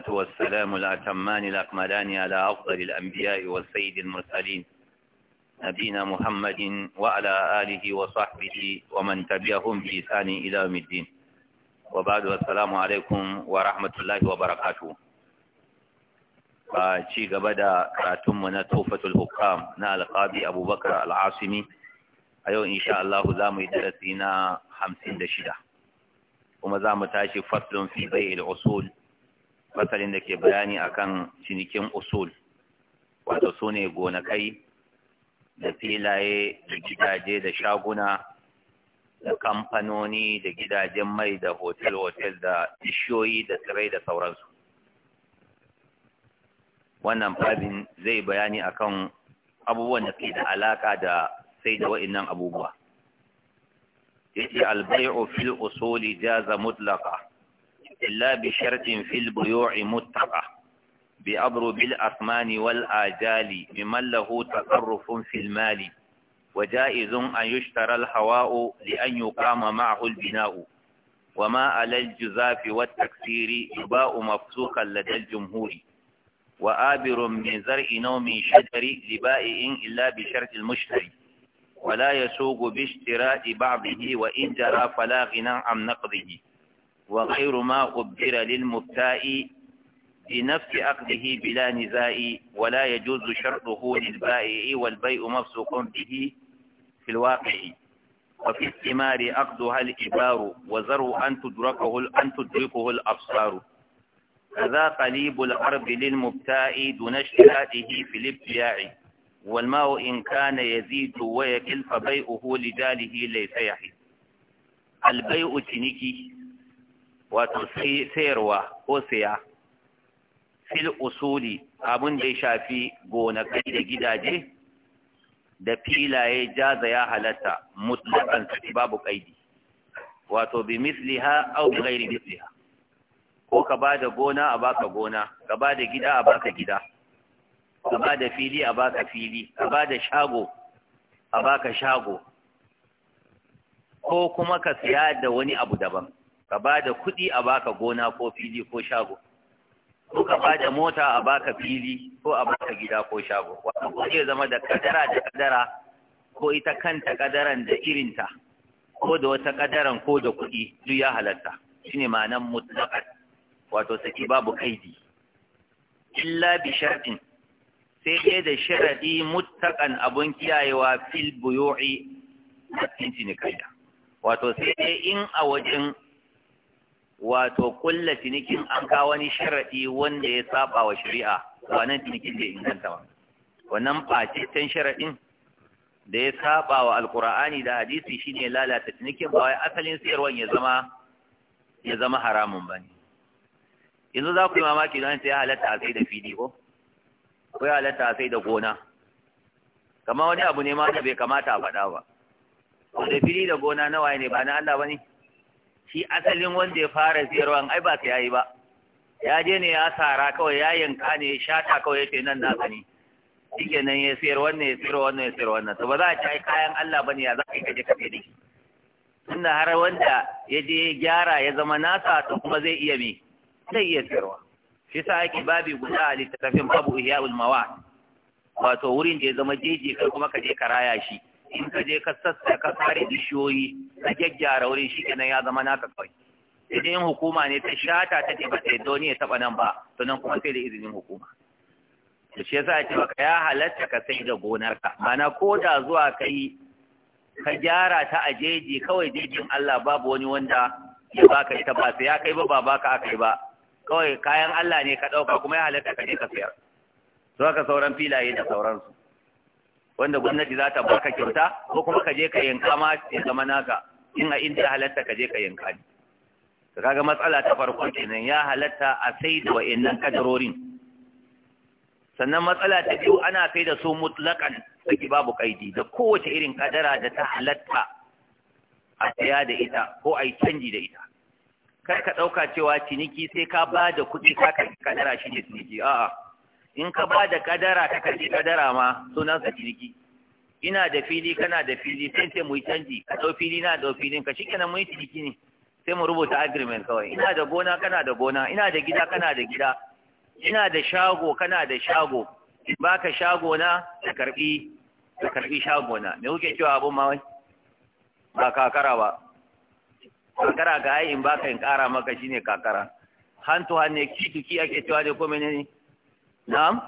الصلاة والسلام الأتمان الأكملان على أفضل الأنبياء والسيد المرسلين نبينا محمد وعلى آله وصحبه ومن تبعهم بإحسان إلى يوم الدين وبعد السلام عليكم ورحمة الله وبركاته ci gaba da karatunmu na tofatul hukam na alƙabi abubakar al'asimi a yau insha Allah za mu yi darasi na hamsin da shida kuma za mu tashi faslun fi bai il usul fasalin da ke bayani akan cinikin usul wato su ne gonakai da filaye da gidaje da shaguna da kamfanoni da gidajen mai da hotel-hotel da bishiyoyi da tsirai da sauransu wannan fabin zai bayani akan abubuwan da ke da alaka da sai da wa'innan abubuwa yake albay'u fil usuli jaza mutlaka. إلا بشرط في البيوع متقى بأبر الأثمان والآجال ممن له تصرف في المال وجائز أن يشترى الهواء لأن يقام معه البناء وما على الجزاف والتكسير يباء مفسوقا لدى الجمهور وآبر من زرع نوم شجر لبائع إلا بشرط المشتري ولا يسوق باشتراء بعضه وإن جرى فلا غنى عن نقضه وخير ما قدر للمبتاء بنفس عقده بلا نزاع ولا يجوز شرطه للبائع والبيع مبسوق به في الواقع وفي الثمار عقدها الإبار وزر أن تدركه أن تدركه الأبصار كذا قليب العرب للمبتاع دون اشتراته في الابتياع والماء إن كان يزيد ويكل فبيعه لجاله ليس يحي البيع تنكي wato sayarwa ko saya fil usuli abin da ya shafi gonakai da gidaje da filaye jaza ya halatta mutlakan su babu kaidi wato bi misliha aw bi ghairi misliha ko ka bada gona a baka gona ka bada gida a baka gida ka bada fili a baka fili ka bada shago a baka shago ko kuma ka siya da wani abu daban ka ba da kuɗi a baka gona ko fili ko shago ko ka ba da mota a baka fili ko a baka gida ko shago wata ko zai zama da kadara da kadara ko ita kanta kadaran da irinta ko da wata kadaran ko da kuɗi duk ya halatta shine ma'anan mutlaqat wato saki babu kaidi illa bi shartin sai dai da sharadi muttaqan abun kiyayewa fil buyu'i a cikin cinikayya wato sai dai in a wajen wato kulla cinikin an kawo wani sharaɗi wanda ya saba wa shari'a wannan cinikin da inganta ba wannan facitan sharaɗin da ya saba wa alkur'ani da hadisi shine lalata cinikin ba wai asalin siyarwan ya zama ya zama haramun ba ne yanzu za ku yi mamaki don sai halatta a sai da fili ko ko ya halatta a sai da gona kamar wani abu ne ma da bai kamata a faɗa ba ko da fili da gona nawa ne ba na Allah ba ne shi asalin wanda ya fara siyarwa ai ba sai yayi ba ya je ne ya sara kawai ya yanka ne ya shata kawai yake nan na gani shike nan ya siyar wannan ya siyar wannan ya siyar wannan to ba za a ci kayan Allah bane ya za ka kaje ka sayar tunda har wanda ya je ya gyara ya zama nasa to kuma zai iya me zai iya siyarwa shi sa ake babi guda a littattafin babu ihya'ul mawad wato wurin da ya zama jeje kai kuma ka je ka raya shi in ka je ka sassa ka sare bishiyoyi ka gyaggyara wurin shi kenan ya zama naka kawai idan yin hukuma ne ta shata ta ce ba ta yadda wani ya taɓa nan ba to nan kuma sai da izinin hukuma da shi yasa ce maka ya halatta ka sai da gonarka mana ko da zuwa ka yi ka gyara ta a jeji kawai jejin Allah babu wani wanda ya baka ita ba sai ya kai ba ba baka aka yi ba kawai kayan Allah ne ka ɗauka kuma ya halatta ka je ka sayar to haka sauran filaye da sauransu wanda gwamnati za ta baka kyauta ko kuma ka je ka yanka ma ya zama naka in a inda halatta ka je ka yanka ne ka kaga matsala ta farko kenan ya halatta a sai da wa'annan kadarorin sannan matsala ta biyu ana sai da su mutlakan saki babu kaidi da kowace irin kadara da ta halatta a saya da ita ko a yi canji da ita kar ka ɗauka cewa ciniki sai ka ba da kuɗi ka kadara shi ne ciniki a'a in ka ba da kadara ka kaji kadara ma sunan sa ciniki ina da fili kana da fili sai sai mu yi canji ka ɗau fili na ɗau filin ka shikenan mu yi ciniki ne sai mu rubuta agreement kawai ina da gona kana da gona ina da gida kana da gida ina da shago kana da shago baka shago na ka karbi ka karbi shago na me kuke cewa abun ma wai ba kakara ba kakara ga ai in baka in kara maka shine kakara hand to hand ne ki to ki ake cewa ne ko menene na'am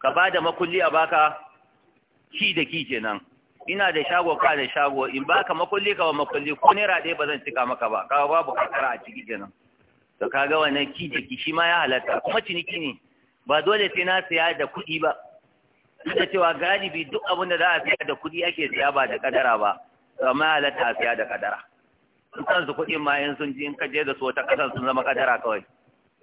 ka ba da makulli a baka ki da ki kenan ina da shago ka da shago in baka makulli ka ba makulli ko naira ɗaya ba zan cika maka ba ka babu kakara a ciki kenan to kaga wannan ki da ki shi ma ya halatta kuma ciniki ne ba dole sai na siya da kuɗi ba duk da cewa galibi duk abin da za a siya da kuɗi ake siya ba da kadara ba amma ya halatta a siya da kadara su kansu kuɗin ma in sun ji in ka je da su wata kasan sun zama kadara kawai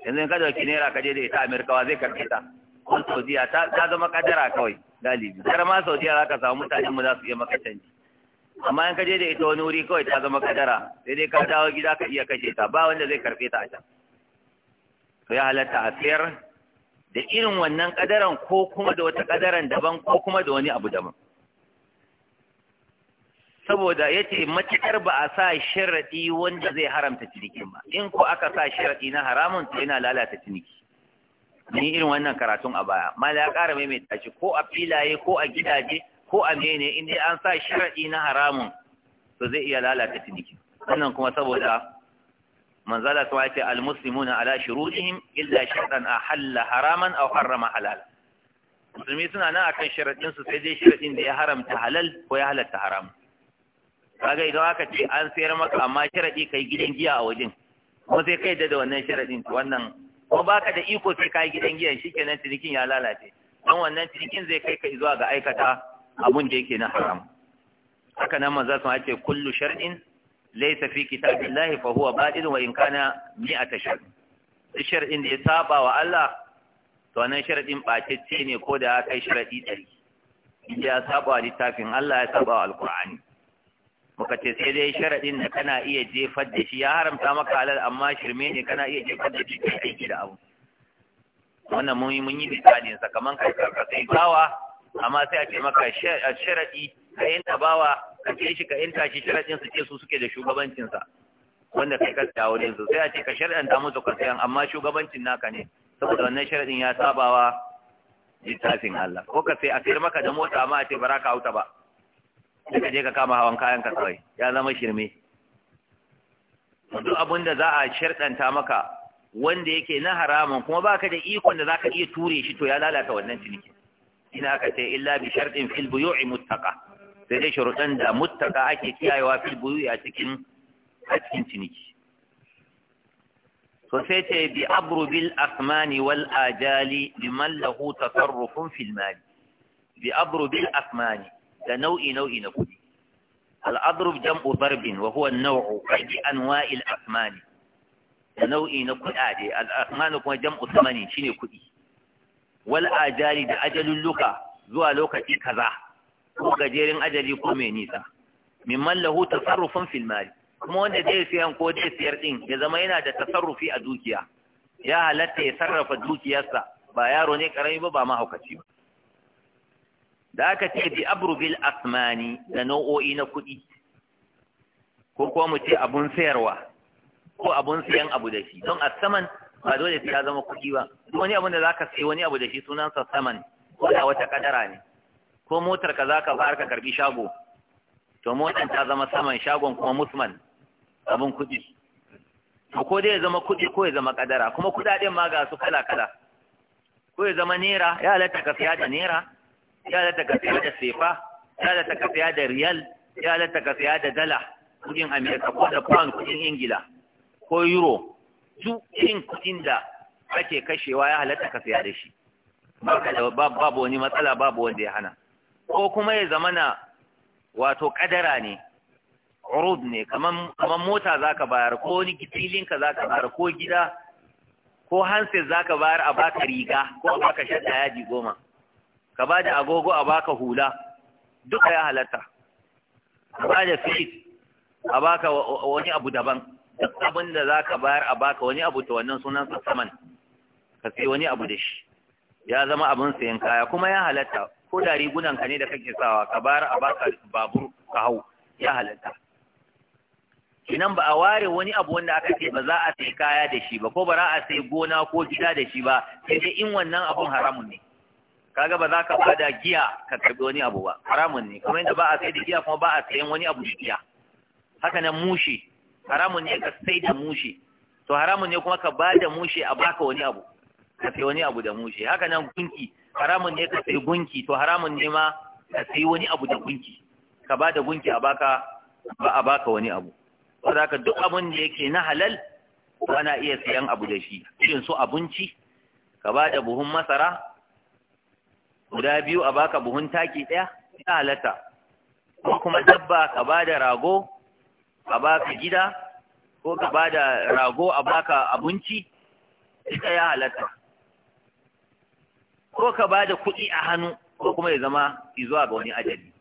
yanzu ka dauki naira ka je da ita wa zai karbe ta kun saudiya ta zama kadara kawai galibi kar ma saudiya za ka samu mutanen mu za su iya maka canji amma in ka je da ita wani wuri kawai ta zama kadara sai dai ka dawo gida ka iya kashe ta ba wanda zai karɓe ta a can to ya halatta a sayar da irin wannan kadaran ko kuma da wata kadaran daban ko kuma da wani abu daban saboda ya ce matuƙar ba a sa sharaɗi wanda zai haramta cinikin ba in ko aka sa sharaɗi na haramun to yana lalata ciniki ni irin wannan karatun a baya ma ya ƙara maimaita shi ko a filaye ko a gidaje ko a mene in dai an sa sharaɗi na haramun to zai iya lalata ciniki wannan kuma saboda manzala sun ce almuslimuna ala shurutihim illa a ahalla haraman aw harrama halal musulmi suna nan akan sharaɗin sai dai sharaɗin da ya haramta halal ko ya halatta haramun kaga idan aka ce an sayar maka amma sharadi kai gidan giya a wajen kuma sai kai da wannan sharadin wannan ko baka da iko sai kai gidan giya shikenan cinikin ya lalace don wannan cinikin zai kai ka zuwa ga aikata abun da yake na haram haka nan manzo sun ce kullu shar'in laysa fi kitabillahi fa huwa batil wa in kana mi'ata shar'in shar'in da ya saba wa Allah to wannan sharadin bacecce ne ko da ya kai sharadi ɗari. in ya saba wa littafin Allah ya saba wa alqur'ani muka ce sai dai sharaɗin da kana iya jefar da shi ya haramta maka halal amma shirme ne kana iya jefar da shi ke aiki da abu wannan mun yi mun yi misalin sa kaman ka sai bawa amma sai a ce maka sharaɗi ka yanta bawa ka ce shi ka yanta shi sharaɗin su ce su suke da shugabancin sa wanda kai ka dawo da su sai a ce ka ta musu ka sayan amma shugabancin naka ne saboda wannan sharaɗin ya sabawa littafin Allah ko ka sai a sayar maka da mota amma a ce ba za ka hauta ba sai ka je ka kama hawan kayan ka kawai ya zama shirme duk abin da za a sharɗanta maka wanda yake na haramun kuma baka da ikon da zaka iya ture shi to ya lalata wannan ciniki ina ka ce illa bi fil buyu'i muttaqa sai dai shuruɗan da muttaqa ake kiyayewa fil buyu'i a cikin a cikin ciniki so sai ce bi abru bil asmani wal ajali liman lahu tasarrufun fil mali bi abru bil asmani da nau'i nau'i na kuɗi al'adrub jam'u barbin wa huwa nau'u kaji anwa'il asmani da nau'i na kuɗaɗe al'asmani kuma jam'u samani shine kuɗi wal ajali da ajalulluka zuwa lokaci kaza ko gajerin ajali ko mai nisa mimman lahu tasarrufun fil mali kuma wanda zai siyan ko zai siyar din ya zama yana da tasarrufi a dukiya ya halatta ya sarrafa dukiyarsa ba yaro ne karami ba ba mahaukaci ba da aka ce bi abrubil asmani da nau'o'i na kuɗi ko kuma mu ce abun sayarwa ko abun sayan abu da shi don a saman ba dole sai ya zama kuɗi ba wani abun da zaka sayi wani abu da shi sunansa saman ko da wata kadara ne ko motar ka zaka bayar ka karbi shago to motar ta zama saman shagon kuma musman abun kuɗi to ko dai ya zama kuɗi ko ya zama kadara kuma kuɗaɗen ma ga su kala kala ko ya zama naira ya halatta ka siya da naira ya da ka saya da sefa ya da ka saya da riyal ya da ka saya da dala kudin amerika ko da pound kudin ingila ko euro duk irin kudin da ake kashewa ya halatta ka saya da shi babu wani matsala babu wanda ya hana ko kuma ya zamana wato kadara ne urud ne kaman mota zaka bayar ko wani za zaka bayar ko gida ko za zaka bayar a baka riga ko a baka shadda yaji goma ka ba da agogo a baka hula duka ya halatta ka ba da fit a baka wani abu daban duk abin da za ka bayar a baka wani abu ta wannan sunan saman ka sai wani abu da shi ya zama abin sayan kaya kuma ya halatta ko da rigunan ka ne da kake sawa ka bayar a baka babur ka hau ya halatta kinan ba a ware wani abu wanda aka ce ba za a sai kaya da shi ba ko ba za a sai gona ko gida da shi ba sai dai in wannan abun haramun ne kaga ba za ka bada giya ka karbi wani abu ba haramun ne kuma inda ba a sai da giya kuma ba a sayan wani abu da giya haka nan mushi haramun ne ka sai da mushi to haramun ne kuma ka bada mushi a baka wani abu ka sai wani abu da mushi haka nan gunki haramun ne ka sai gunki to haramun ne ma ka sai wani abu da gunki ka bada gunki a baka ba a baka wani abu saboda haka duk abun da yake na halal ana iya sayan abu da shi irin su abinci ka ba da buhun masara guda biyu a baka buhun taki ɗaya ya halatta ko kuma dabba ka ba da rago a baka gida ko ka ba da rago a baka abinci ita ya halatta ko ka ba da kuɗi a hannu ko kuma ya zama zuwa ga wani ajali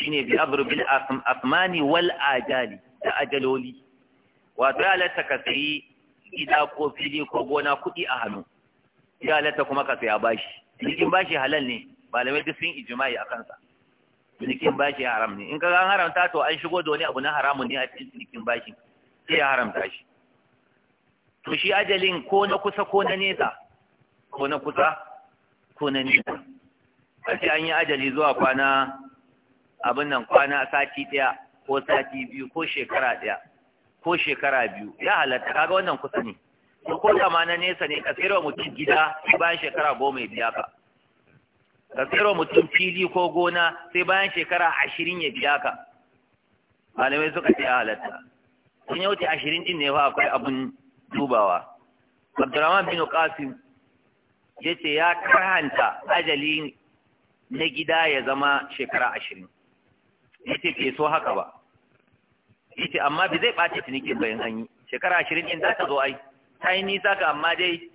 Shi ne bi abru bil asmani wal ajali da ajaloli wato ya halatta ka sayi gida ko fili ko gona kuɗi a hannu ya halatta kuma ka saya bashi ba bashi halal ne malamai duk sun ijimai a kansa ba bashi haram ne in ka an haramta to an shigo da wani abu na haramun ne a cikin ba bashi sai ya haramta shi to shi ajalin ko na kusa ko na nesa ko na kusa ko na nesa a ce an yi ajali zuwa kwana abin nan kwana sati ɗaya ko sati biyu ko shekara ɗaya ko shekara biyu ya halatta kaga wannan kusa ne to ko da ma na nesa ne ka tsira mutum gida bayan shekara goma ya biya ka ka tsira mutum fili ko gona sai bayan shekara ashirin ya biya ka malamai suka ce halatta sun yauce ashirin din ne fa akwai abun dubawa abdurrahman bin qasim ya ce ya karanta ajali na gida ya zama shekara ashirin ya ce ke so haka ba ya ce amma bi zai ɓace tunikin bayan an yi shekara ashirin ɗin za ta zo ai ta yi nisa ka amma dai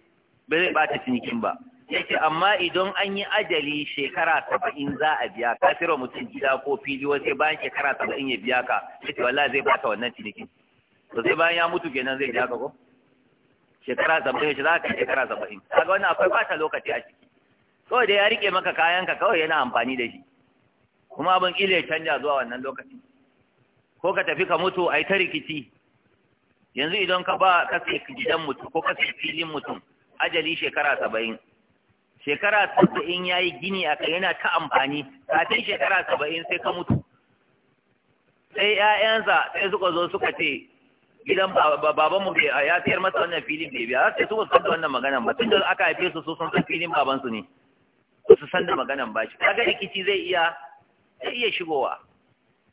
ba zai bata cinikin ba yake amma idan an yi ajali shekara saba'in za a biya ka sirwa mutum gida ko fili wasu bayan shekara saba'in ya biya ka yake walla zai bata wannan cinikin to sai bayan ya mutu kenan zai biya ka ko shekara saba'in shi za ka shekara saba'in kaga wannan akwai bata lokaci a ciki kawai dai ya rike maka kayanka kawai yana amfani da shi kuma abin ƙila ya canja zuwa wannan lokacin ko ka tafi ka mutu a yi ta rikici yanzu idan ka ba ka sai gidan mutum ko ka sai filin mutum ajali shekara saba'in shekara saba'in ya yi gini a kai yana ta amfani kafin shekara saba'in sai ka mutu sai ‘ya'yansa sai suka zo suka ce gidan babanmu ya sayar masa wannan filin bai biya sai suka san da wannan maganan ba tun da aka haife su su sun san filin babansu ne su san da maganan ba shi kaga rikici zai iya zai iya shigowa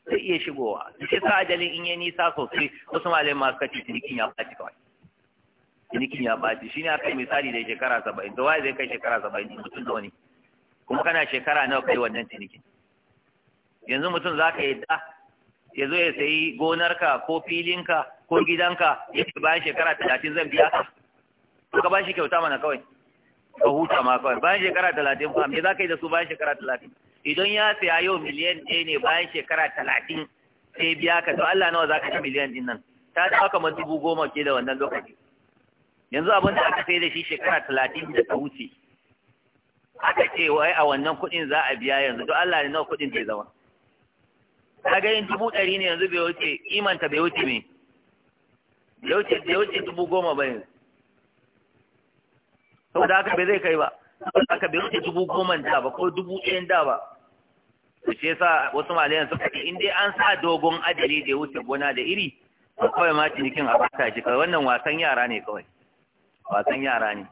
zai iya shigowa shi sa ajalin in yi nisa sosai wasu malayin masu kaci cinikin ya ɓaci kawai cinikin ya ɓaci shi ne aka yi misali da shekara saba'in da waye zai kai shekara saba'in da mutum da wani kuma kana shekara nawa kai wannan cinikin yanzu mutum za ka yadda ya zo ya sayi gonarka ko filinka ko gidanka ya ce bayan shekara talatin zan biya ka ka ba shi kyauta mana kawai ka huta ma kawai bayan shekara talatin ba me za ka yi da su bayan shekara talatin idan ya siya yau miliyan ɗaya ne bayan shekara talatin sai biya ka to Allah nawa za ka ci miliyan ɗin nan ta dawo kamar dubu goma ke da wannan lokaci yanzu abin da aka sai da shi shekara talatin da ta wuce aka ce wai a wannan kuɗin za a biya yanzu to Allah ne nawa kuɗin zai zama ka ga yin dubu ɗari ne yanzu bai wuce imanta bai wuce me bai wuce bai wuce dubu goma ba yanzu saboda haka bai zai kai ba aka bai wuce dubu goma da ba ko dubu ɗaya da ba to shi yasa wasu malayan suka ce in dai an sa dogon ajali da ya wuce gona da iri to kawai ma cinikin a bata shi kawai wannan wasan yara ne kawai wasan yara ne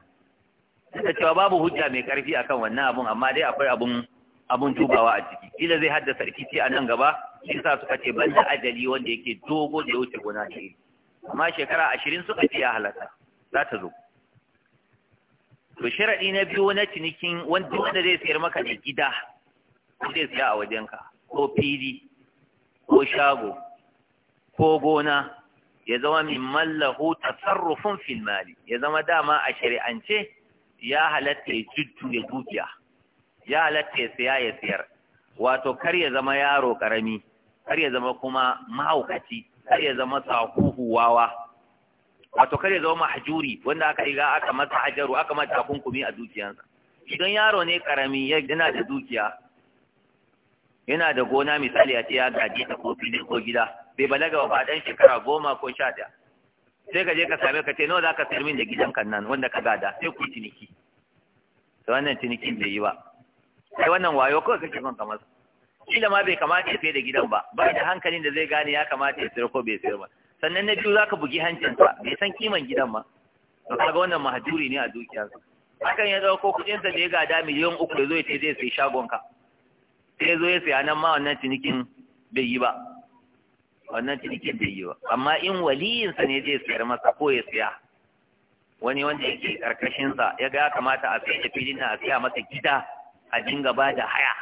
da cewa babu hujja mai karfi akan wannan abun amma dai akwai abun abun dubawa a ciki kila zai haddasa rikici a nan gaba shi yasa suka ce ban da ajali wanda yake dogo da ya wuce gona da iri amma shekara ashirin suka ce ya halatta za ta zo to sharaɗi na biyu na cinikin wanda zai sayar maka da gida zai siya a wajenka ko fili ko shago ko gona ya zama min mallahu tasarrufun fil mali ya zama dama a shari'ance ya halatta ya jiddu ya dukiya ya halatta ya siya ya siyar wato kar ya zama yaro karami kar ya zama kuma mahaukaci kar ya zama sakuhu wawa wato kar ya zama mahjuri wanda aka riga aka masa hajaru aka masa kunkumi a dukiyansa idan yaro ne karami yana da dukiya yana da gona misali a ce ya gaje ta ko fili ko gida bai balaga ba dan shekara goma ko sha ɗaya sai ka je ka same ka ce nawa za ka sayar min da gidan kan nan wanda ka gada sai ku ciniki sai wannan cinikin bai yi ba sai wannan wayo kawai kake son kamar sa. kila ma bai kamata ya sayar da gidan ba ba da hankalin da zai gane ya kamata ya sayar ko bai sayar ba sannan na biyu za ka bugi hancinsa bai san kiman gidan ma to kaga wannan mahajuri ne a dukiyarsa hakan ya zama ko kuɗinsa da ya gada miliyan uku ya zo ya ce zai sai shagonka sai zo ya siya nan ma wannan cinikin bai yi ba wannan cinikin bai yi ba amma in waliyinsa ne zai sayar masa ko ya siya? wani wanda yake karkashinsa ya ga ya kamata a sai filin na a siya masa gida a dinga ba da haya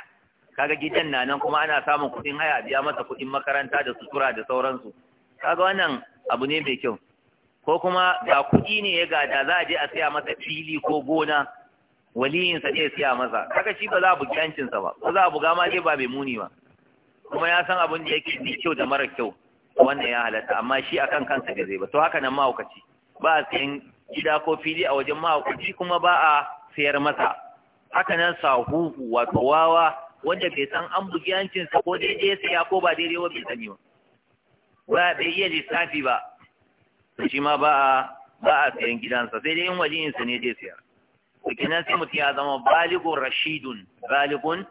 kaga gidan na nan kuma ana samun kuɗin haya biya masa kuɗin makaranta da sutura da sauransu kaga wannan abu ne mai kyau ko kuma ga kuɗi ne ya gada za a je a siya masa fili ko gona waliyinsa zai siya masa kaga shi ba za a bugi hancinsa ba ba za a buga ma dai ba mai muni ba kuma ya san abin da yake mai kyau da mara kyau wannan ya halatta amma shi akan kansa da zai ba to haka nan mahaukaci ba a sayan gida ko fili a wajen mahaukaci kuma ba a sayar masa haka nan sahuhu wato wawa wanda bai san an bugi hancinsa ko daidai siya ko ba daidai ba bai sani ba ba bai iya lissafi ba shi ma ba a ba a sayan gidansa sai dai in waliyinsa ne zai sayar kenan sai mutum ya zama baligun rashidun baligun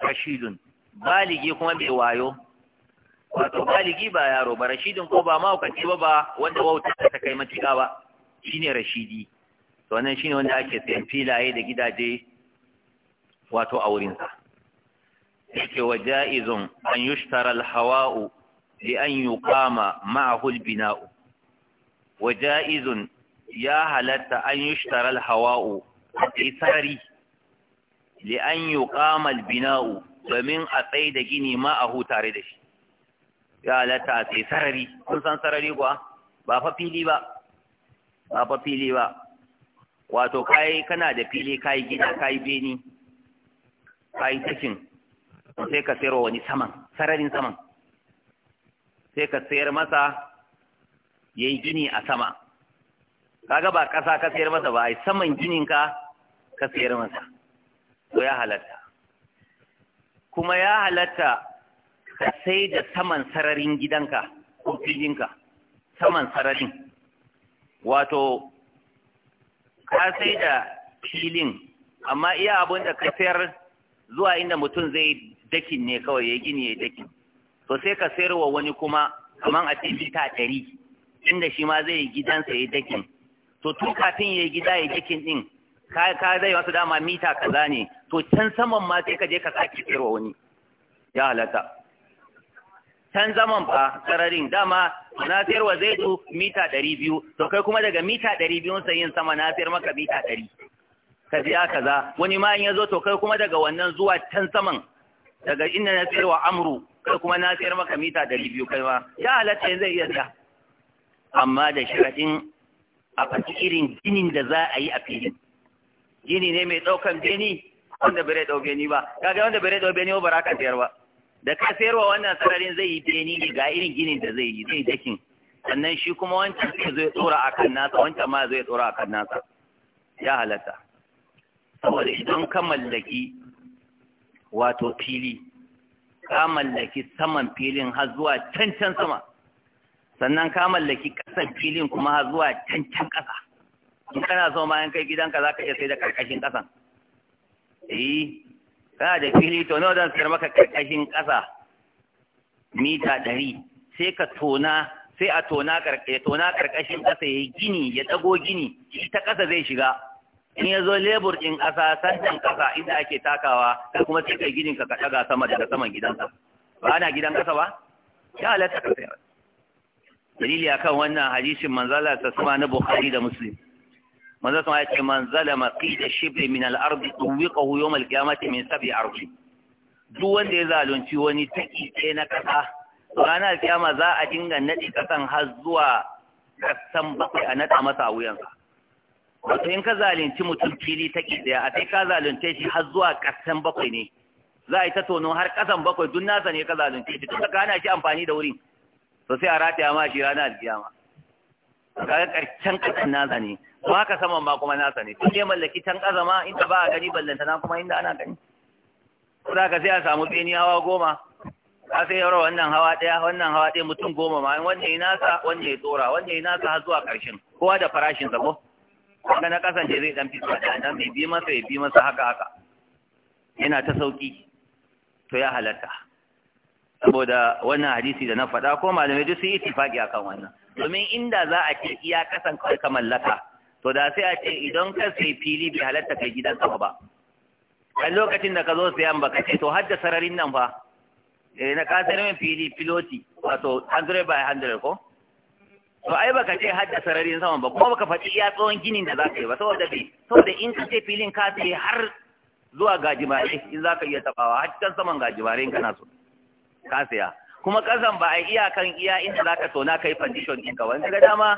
rashidun baligi kuma mai wayo wato baligi ba yaro ba rashidun ko ba mahaukaci ba ba wanda wauta ta kai matuƙa ba shine rashidi to wannan shine wanda ake sayan filaye da gidaje wato a wurinsa yake wa ja'izun an yushtara al-hawa'u li an yuqama ma'ahu al-bina'u wa ja'izun ya halatta an yushtara al-hawa'u al-isari li an yuqama al-bina'u domin a tsaye da gini ma a tare da shi ya halatta sai sarari kun san sarari kuwa ba fa fili ba ba fa fili ba wato kai kana da fili kai gida kai beni kai cikin sai ka sayar wani saman sararin saman sai ka sayar masa yayi gini a sama kaga ba ƙasa ka sayar masa ba ai saman ginin ka ka sayar masa to ya halatta kuma ya halatta ka sai da saman sararin gidanka ko filinka saman sararin wato ka sai da filin amma iya abin da ka sayar zuwa inda mutum zai dakin ne kawai ya gini ya dakin to sai ka sayar wa wani kuma kaman a cikin ta ɗari inda shi ma zai yi gidansa ya dakin to tun kafin ya gida ya dakin ɗin ka ka zai wasu dama mita kaza ne to can saman ma sai ka je ka sake tsirwa wani ya halatta can zaman ba sararin dama na tsirwa zai zo mita ɗari biyu to kai kuma daga mita ɗari biyun sai yin sama na sayar maka mita ɗari ka biya kaza wani ma in ya zo to kai kuma daga wannan zuwa can saman daga inda na tsirwa amru kai kuma na sayar maka mita ɗari biyu kai ma ya halatta zai iya siya amma da sharaɗin a faɗi irin jinin da za a yi a filin gini ne mai ɗaukan beni wanda bai ɗau beni ba kaga wanda bai ɗau beni ba ka sayar ba da ka sayar wa wannan sararin zai yi beni ne ga irin ginin da zai yi zai dakin sannan shi kuma wancan zai zo ya tsora a kan nasa wancan ma zai tsora a kan nasa ya halatta saboda idan ka mallaki wato fili ka mallaki saman filin har zuwa can can sama sannan ka mallaki ƙasan filin kuma har zuwa can can ƙasa in kana so ma in kai gidanka za ka iya sai da karkashin ƙasan eh kana da fili to nawa zan sayar maka karkashin ƙasa mita ɗari sai ka tona sai a tona tona karkashin ƙasa ya gini ya ɗago gini ita ta ƙasa zai shiga in ya zo lebur ɗin ƙasa sandan ƙasa inda ake takawa ka kuma sai kai ginin ka ɗaga sama daga saman gidanka ba ana gidan ƙasa ba ya halatta ka sayar dalili akan wannan hadisin manzala ta suma na Bukhari da Muslim manzo sama ya ce man zalama qida shibri min al-ardi tuwiqahu yawm al-qiyamati min sab'i ardi duk wanda ya zalunci wani taki ɗaya na ƙasa ranar alkiyama za a dinga nadi ƙasan har zuwa ƙasan bakwai a nada masa sa wato in ka zalunci mutum fili taki ɗaya a sai ka zalunce shi har zuwa ƙasan bakwai ne za a yi ta tono har ƙasan bakwai duk nasa ne ka zalunce shi tun ka hana shi amfani da wurin to sai a rataya ma shi ranar alkiyama ga ƙarshen kasan nasa ne ba ka saman ma kuma nasa ne tun ne mallaki can azama inda ba a gani ballanta na kuma inda ana gani kuma ka sai a samu beni hawa goma ka sai yawar wannan hawa ɗaya wannan hawa ɗaya mutum goma ma wanda ya nasa wanda ya tsora wanda ya nasa har zuwa ƙarshen kowa da farashin sa ko na kasance zai dan fito da dan bi masa ya bi masa haka haka yana ta sauki to ya halatta saboda wannan hadisi da na faɗa ko malamai duk sun yi tifaki akan wannan domin inda za a ce iya kasan kai ka mallaka to da sai a ce idan ka sai fili bai halatta kai gidan sama ba a lokacin da ka zo sayan baka ce to hadda sararin nan fa eh na ka sayar min fili piloti wato 100 by 100 ko to ai baka ce hadda sararin sama ba kuma baka faɗi iya tsawon ginin da zaka yi ba saboda bai saboda in ka sai filin ka sai har zuwa gajimare in zaka iya tabawa har kan saman gajimare in kana so ka saya kuma kasan ba a iyakan iya inda zaka tona kai condition ɗinka wani daga dama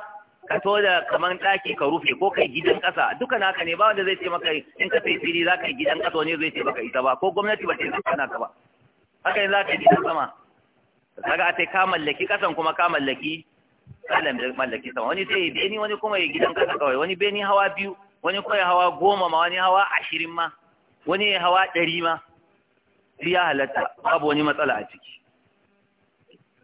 ka to da kaman daki ka rufe ko kai gidan ƙasa duka naka ne ba wanda zai ce maka in ka sai fili za ka yi gidan ƙasa wani zai ce maka ita ba ko gwamnati ba ce zai kana ka ba haka yanzu za ka yi gidan sama kaga a sai ka mallaki ƙasan kuma ka mallaki kalan mallaki sama wani sai beni wani kuma ya gidan ƙasa kawai wani beni hawa biyu wani kawai hawa goma ma wani hawa ashirin ma wani hawa ɗari ma ya halatta babu wani matsala a ciki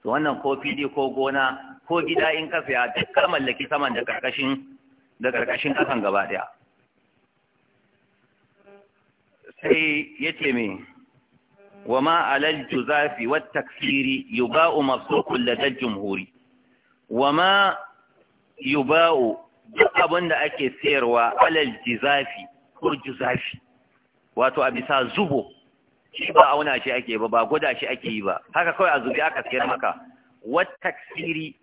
to wannan ko fili ko gona ko gida in ka saya duk ka mallaki saman da karkashin da karkashin kasan gaba daya sai yace me wa ma alal juzafi wat takfiri yuba'u mafsukun lada jumhuri wa ma yuba'u duk abin da ake sayarwa alal jizafi ko juzafi wato a bisa zubo shi ba auna shi ake ba ba gwada shi ake yi ba haka kawai a zubi aka sayar maka wat takfiri.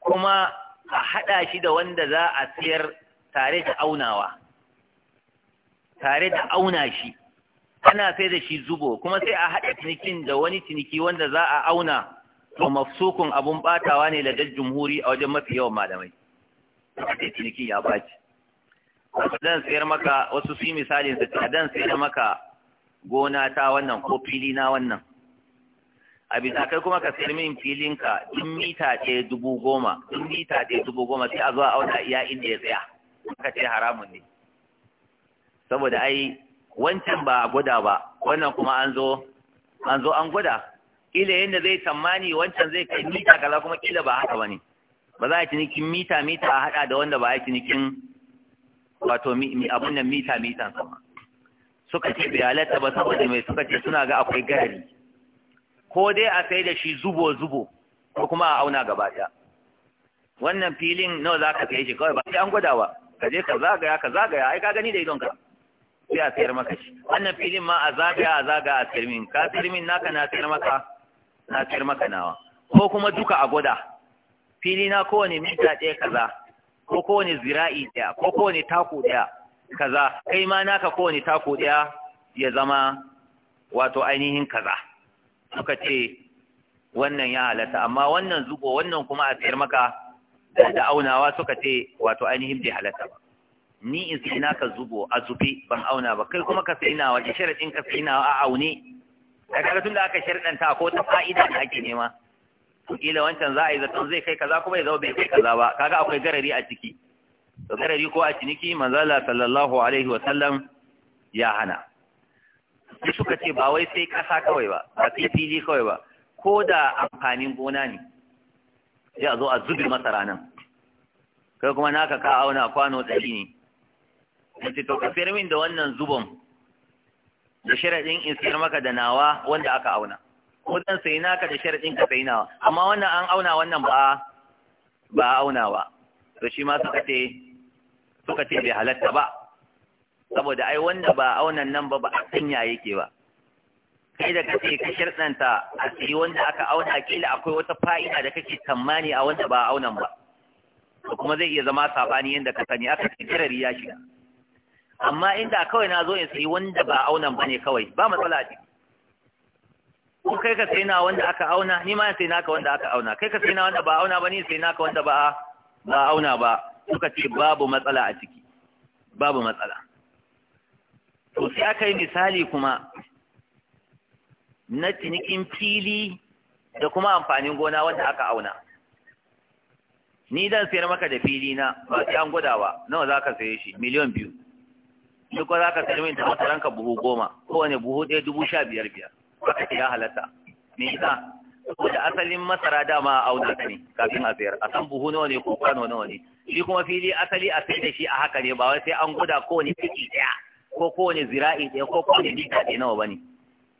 kuma a haɗa shi da wanda za a siyar tare da aunawa tare da auna shi ana sai da shi zubo kuma sai a haɗa cinikin da wani ciniki wanda za a auna to mafsukun abun batawa ne ladar jumhuri a wajen mafi yawan malamai sai ciniki ya baci dan sayar maka wasu su misalin su dan sayar maka gona ta wannan ko fili na wannan a bisa kai kuma ka sayar min filinka in mita ɗaya dubu goma in mita ɗaya dubu goma sai a zo a auna iya inda ya tsaya aka ce haramun ne saboda ai wancan ba a gwada ba wannan kuma an zo an zo an gwada kila yadda zai tsammani wancan zai kai mita kaza kuma kila ba haka bane ba za a cinikin mita mita a haɗa da wanda ba a cinikin wato abun nan mita mita sama suka ce bai halatta ba saboda mai suka ce suna ga akwai gari ko dai a sai da shi zubo zubo ko kuma a auna gaba ɗaya wannan filin nawa za ka saye shi kawai ba sai an gwada ba ka je ka zagaya ka zagaya ai ka gani da idonka ka sai a sayar maka shi wannan filin ma a zagaya a zagaya a sayar min ka sayar min naka na sayar maka na sayar maka nawa ko kuma duka a gwada fili na kowane mita ɗaya kaza ko kowane zira'i ɗaya ko kowane taku ɗaya kaza kai ma naka kowane taku ɗaya ya zama wato ainihin kaza suka ce wannan ya halatta amma wannan zubo wannan kuma a sayar maka da aunawa suka ce wato ainihin bai halatta ba ni in sai ka zubo a zube ban auna ba kai kuma ka sai wa ki sharadin ka sai nawa a aune da kaga tunda aka sharadanta ko ta fa'ida da ake nema to kila wancan za a yi zaton zai kai kaza kuma ya zama bai kai kaza ba kaga akwai garari a ciki garari ko a ciniki manzala sallallahu alaihi wa sallam ya hana sai suka ce ba wai sai ƙasa kawai ba ba sai fili kawai ba ko da amfanin gona ne sai zo a zubi masara nan kai kuma naka ka auna kwano ɗari ne mace to ka firmin min da wannan zubon da sharaɗin in sayar maka da nawa wanda aka auna ko zan sayi naka da sharaɗin ka sai nawa amma wannan an auna wannan ba ba auna ba to shi ma suka ce suka ce bai halatta ba saboda ai wanda ba aunan nan ba ba a sanya yake ba kai da kace ka shirɗanta a siyi wanda aka auna kila akwai wata fa'ida da kake tsammani a wanda ba aunan ba to kuma zai iya zama sabani yanda ka sani aka ce kirari ya shiga amma inda kawai na zo in sai wanda ba aunan ba ne kawai ba matsala ce ko kai ka sai na wanda aka auna ni ma sai naka wanda aka auna kai ka sai na wanda ba auna ba ni sai naka wanda ba ba auna ba suka ce babu matsala a ciki babu matsala to sai aka yi misali kuma na cinikin fili da kuma amfanin gona wanda aka auna ni dan sayar maka da fili na ba sai an gwada ba nawa za ka saye shi miliyan biyu duk za ka sayar min da ka buhu goma kowane buhu ɗaya dubu sha biyar biyar haka ya halatta me yasa saboda asalin masara dama a auna ta ne kafin a sayar a san buhu nawa ne ko kano nawa ne shi kuma fili asali a sai da shi a haka ne ba wai sai an gwada kowane fili ɗaya ko kowane zira'i ɗaya ko kowane mita ɗaya nawa bane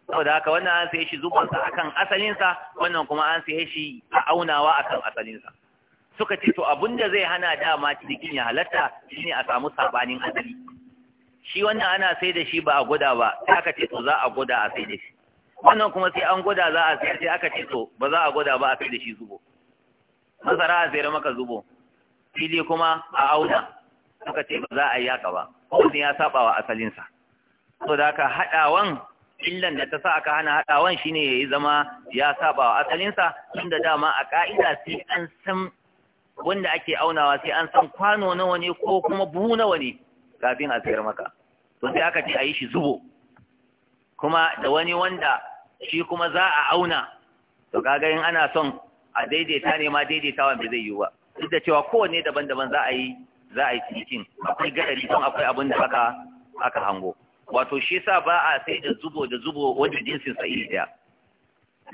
saboda haka wannan an sai shi sa akan asalinsa wannan kuma an sai shi a aunawa akan asalinsa suka ce to abin da zai hana dama cikin ya halatta shine a samu sabanin asali shi wannan ana sai da shi ba a gwada ba sai aka ce to za a gwada a sai da shi wannan kuma sai an gwada za a sai sai aka ce to ba za a gwada ba a sai da shi zubo masara a sayar maka zubo fili kuma a auna suka ce ba za a yi haka ba kawai ya saba wa asalinsa so da haɗawan illan da ta sa aka hana haɗawan shine ya yi zama ya saba wa asalinsa da dama a ƙa'ida sai an san wanda ake aunawa sai an san kwano nawa ne ko kuma buhu nawa ne kafin a sayar maka to sai aka ce a yi shi zubo kuma da wani wanda shi kuma za a auna to kaga in ana son a daidaita ne ma daidaitawa bai zai yiwu ba duk da cewa kowanne daban-daban za a yi za a yi cikin akwai gadari don akwai abin da aka aka hango wato shi sa ba a sai da zubo da zubo wajen jinsin sa iri daya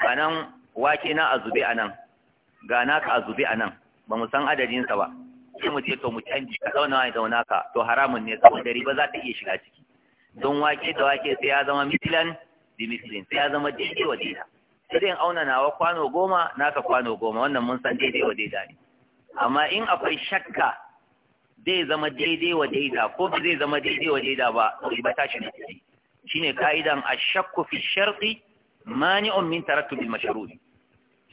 a nan wake na a zube a nan ga ka a zube a nan ba mu san adadin sa ba sai mu ce to mu canji ka zauna wani zauna ka to haramun ne saboda riba za ta iya shiga ciki don wake da wake sai ya zama mitilan da mitilin sai ya zama daidai wa daida sai in auna nawa kwano goma naka kwano goma wannan mun san daidai wa daida ne amma in akwai shakka zai zama daidai wa daida ko ba zai zama daidai wa daida ba ba ta shi ne shine kaidan ashakku fi sharqi mani'un min tarattubil mashru'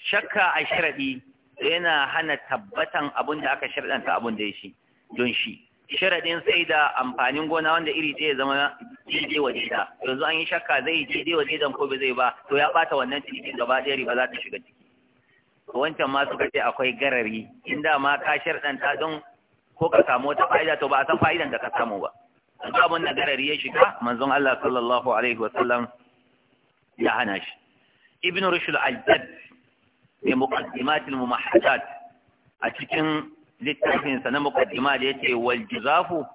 shakka a sharadi yana hana tabbatan abin da aka sharadanta abin da shi don shi sharadin sai da amfanin gona wanda iri zai zama daidai wa daida yanzu an yi shakka zai yi daidai wa daidan ko ba zai ba to ya bata wannan cikin gaba da riba za ta shiga ciki wancan ma suka ce akwai garari inda ma ka sharɗanta don ko ka samu wata fa'ida to ba a san fa'idan da ka samu ba an ga ya shiga manzon Allah sallallahu alaihi wasallam ya hana shi ibn rushd al-jadd bi muqaddimat al-mumahhadat a cikin littafin sa na muqaddima da yace wal juzafu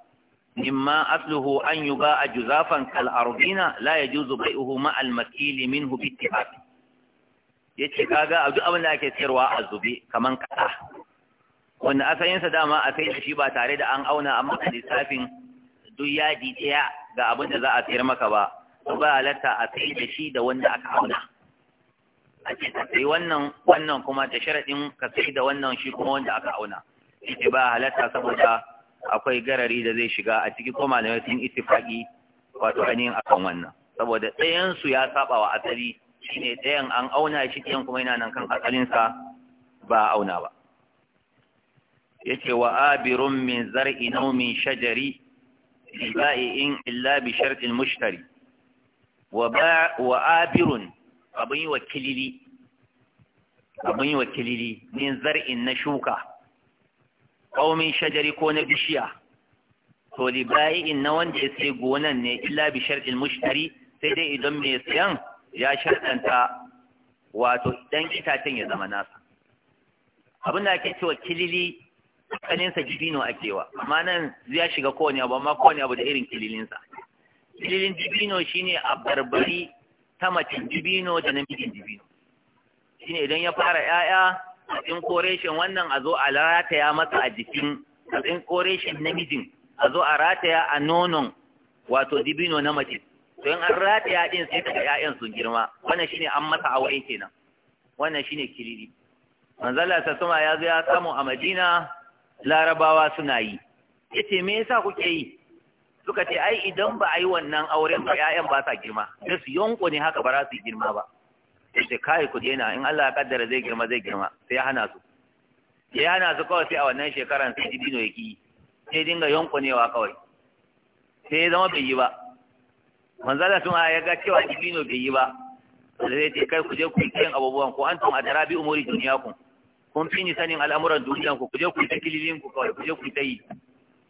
مما أصله أن يباع a كالأرضين لا يجوز بيعه مع المكيل منه باتفاق yace kaga abu abin da ake sayarwa a zube kaman kasa wanda asalinsa dama a sai da shi ba tare da an auna amma a lissafin duk yadi ɗaya ga abin da za a sayar maka ba to ba halatta a sai da shi da wanda aka auna a ce ta sai wannan wannan kuma da sharaɗin ka sai da wannan shi kuma wanda aka auna ita ba halatta saboda akwai garari da zai shiga a ciki ko malamai sun ittifaqi wato ainihin akan wannan saboda ɗayan su ya saba wa asali shine ɗayan an auna shi ɗayan kuma yana nan kan asalinsa ba a auna ba Yake wa abirun min zar'i naw min shajari in illa bi shartil mushtari wa ba wa abirun abun yi wakilili abun yi wakilili min zar'in na shuka aw min shajari ko na bishiya to li in na wanda ya sai gonan ne illa bi shartil mushtari sai dai idan mai siyan ya shartanta wato dan itacen ya zama nasa abin da ake cewa kilili kaninsa jibino ake wa amma nan ya shiga kowane abu amma kowane abu da irin kililinsa kililin shi shine a barbari ta macin jibino da namijin shi ne idan ya fara 'ya'ya a tsin koreshin wannan a zo a rataya masa a jikin a tsin koreshin namijin a zo a rataya a nonon wato jibino na mace to in an rataya din sai kaga 'ya'yan sun girma wannan shine an masa a aure kenan wannan shine kilili manzala sassuma ya zo ya samu a madina larabawa suna yi yace me yasa kuke yi suka ce ai idan ba a yi wannan auren ba ƴaƴan ba sa girma sai su yonko ne haka ba za su girma ba sai kai ku daina in Allah ya kaddara zai girma zai girma sai ya hana su ya hana su kawai sai a wannan shekaran sai dibino ya ki sai dinga wa kawai sai ya zama bai yi ba manzala sun ya ga cewa dibino bai yi ba sai ya ce kai ku je ku yi kiyan abubuwan ko antum a tarabi umuri duniya kun kun fi sanin al'amuran duniyanku ku kuje ku ta kililin ku kawai kuje ku ta yi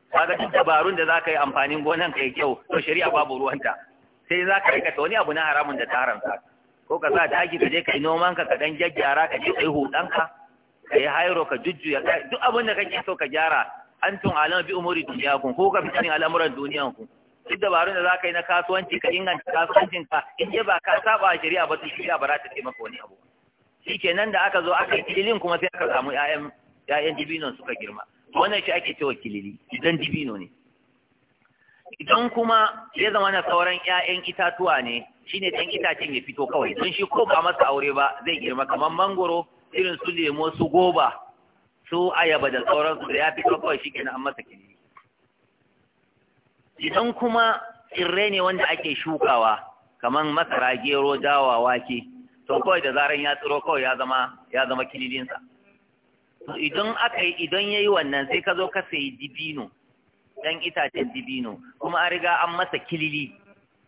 kaga duk dabarun da zaka yi amfanin gonan kai kyau to shari'a babu ruwanta sai zaka rika ta wani abu na haramun da ta haramta ko ka sa taki ka je kai noman ka ka dan jajjara ka je kai hudan ka kai hairo ka jujjuya duk abin da kake so ka gyara antum alama bi umuri dunyakum ko ka fi sanin al'amuran duniyanku ku duk dabarun da zaka yi na kasuwanci ka inganta kasuwancin ka in je ba ka saba shari'a ba to shari'a ba za ta taimaka wani abu ba nan da aka zo aka kililin kuma sai aka samu 'ya'yan ƴaƴan dibinon suka girma wannan shi ake cewa kilili idan dibino ne idan kuma ya zama na sauran 'ya'yan itatuwa ne shine dan itacen ya fito kawai don shi ko ba masa aure ba zai girma kamar mangoro irin su lemo su goba su ayaba da sauransu da ya fito kawai shikenan an masa kilili idan kuma tsirrai ne wanda ake shukawa kamar masara gero dawa wake to kawai da zaran ya tsiro kawai ya zama ya zama kililinsa idan aka yi idan ya yi wannan sai ka zo ka sayi dibino ɗan itacen dibino kuma an riga an masa kilili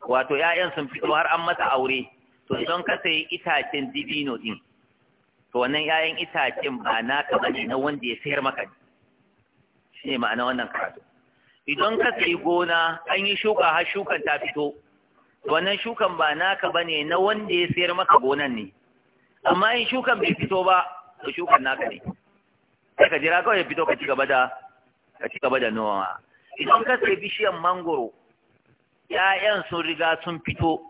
wato 'ya'yan sun fito har an masa aure to idan ka sayi itacen dibino ɗin, to wannan 'ya'yan itacen ba naka ne na wanda ya sayar maka shine ma'ana wannan karatu idan ka sayi gona an yi shuka har shukan ta fito wannan shukan ba naka bane na wanda ya sayar maka gonan ne amma in shukan bai fito ba to shukan naka ne sai ka jira kawai ya fito ka ci gaba da ka ci gaba da noma idan ka sai bishiyan mangoro ƴaƴan sun riga sun fito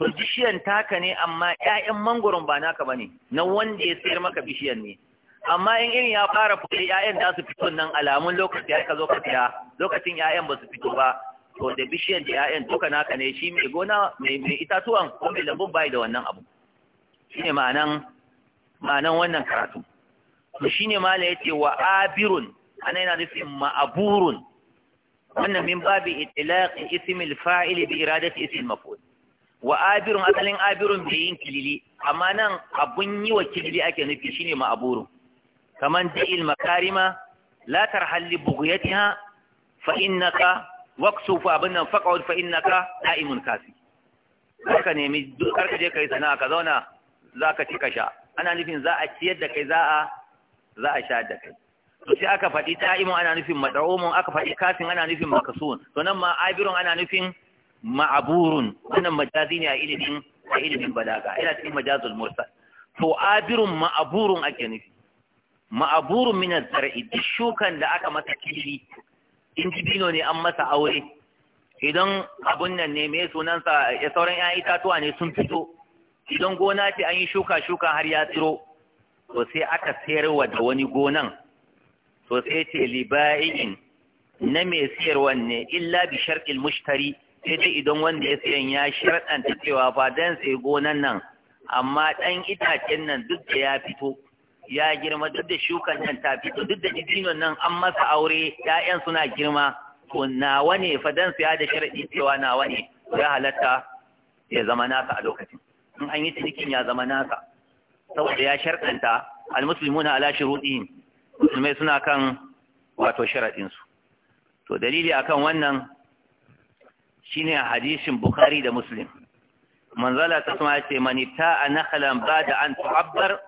to bishiyan taka ne amma ƴaƴan mangoron ba naka ba ne na wanda ya sayar maka bishiyan ne amma in irin ya fara fure ƴaƴan za su fito nan alamun lokaci ya ka zo ka siya lokacin ƴaƴan ba su fito ba to da bishiyar da 'ya'yan duka naka ne shi mai gona mai itatuwan ko mai lambun bai da wannan abu shi ne ma'anan wannan karatu to shi ne ma ya ce wa abirun ana yana nufin ma'aburun wannan min babi itilaqi ismil fa'ili bi iradati ismil maf'ul wa abirun asalin abirun bai yin kilili amma nan abun yi wa kilili ake nufi shine ma'aburun kaman da'il makarima la tarhal li bughyatiha fa innaka waqsu fa abin nan faqad fa innaka na'imun kasi karka nemi karka je kai sana'a ka zauna zaka ci kasha ana nufin za a ciyar da kai za a za a sha da kai to sai aka faɗi ta'imun ana nufin mad'umun aka faɗi kasin ana nufin makasun to nan ma abirun ana nufin ma'aburun wannan majazi ne a ilimin a ilimin balaga ina cikin majazul mursal to abirun ma'aburun ake nufi ma'aburun min az-zar'i duk shukan da aka masa kili in dino ne an masa aure idan abun nan ne mai sunansa ya sauran 'ya'yan itatuwa ne sun fito idan gona ce an yi shuka shuka har ya tsiro to sai aka sayarwa da wani gonan to sai ce liba'in na mai sayarwa ne illa bi sharqil mushtari sai dai idan wanda ya sayan ya sharɗanta cewa ba dan sai gonan nan amma dan itacen nan duk da ya fito ya girma duk da shukan nan ta fito duk da jijinon nan an masa aure ya'yan suna girma to nawa ne fa su ya da sharadi cewa nawa ne ya halatta ya zama nasa a lokacin in an yi cinikin ya zama nasa saboda ya sharkanta almuslimuna ala shuruɗihim musulmai suna kan wato sharaɗinsu. su to dalili akan wannan shine hadisin bukhari da muslim manzala ta sama ce manita anakhalan ba'da an tu'abbar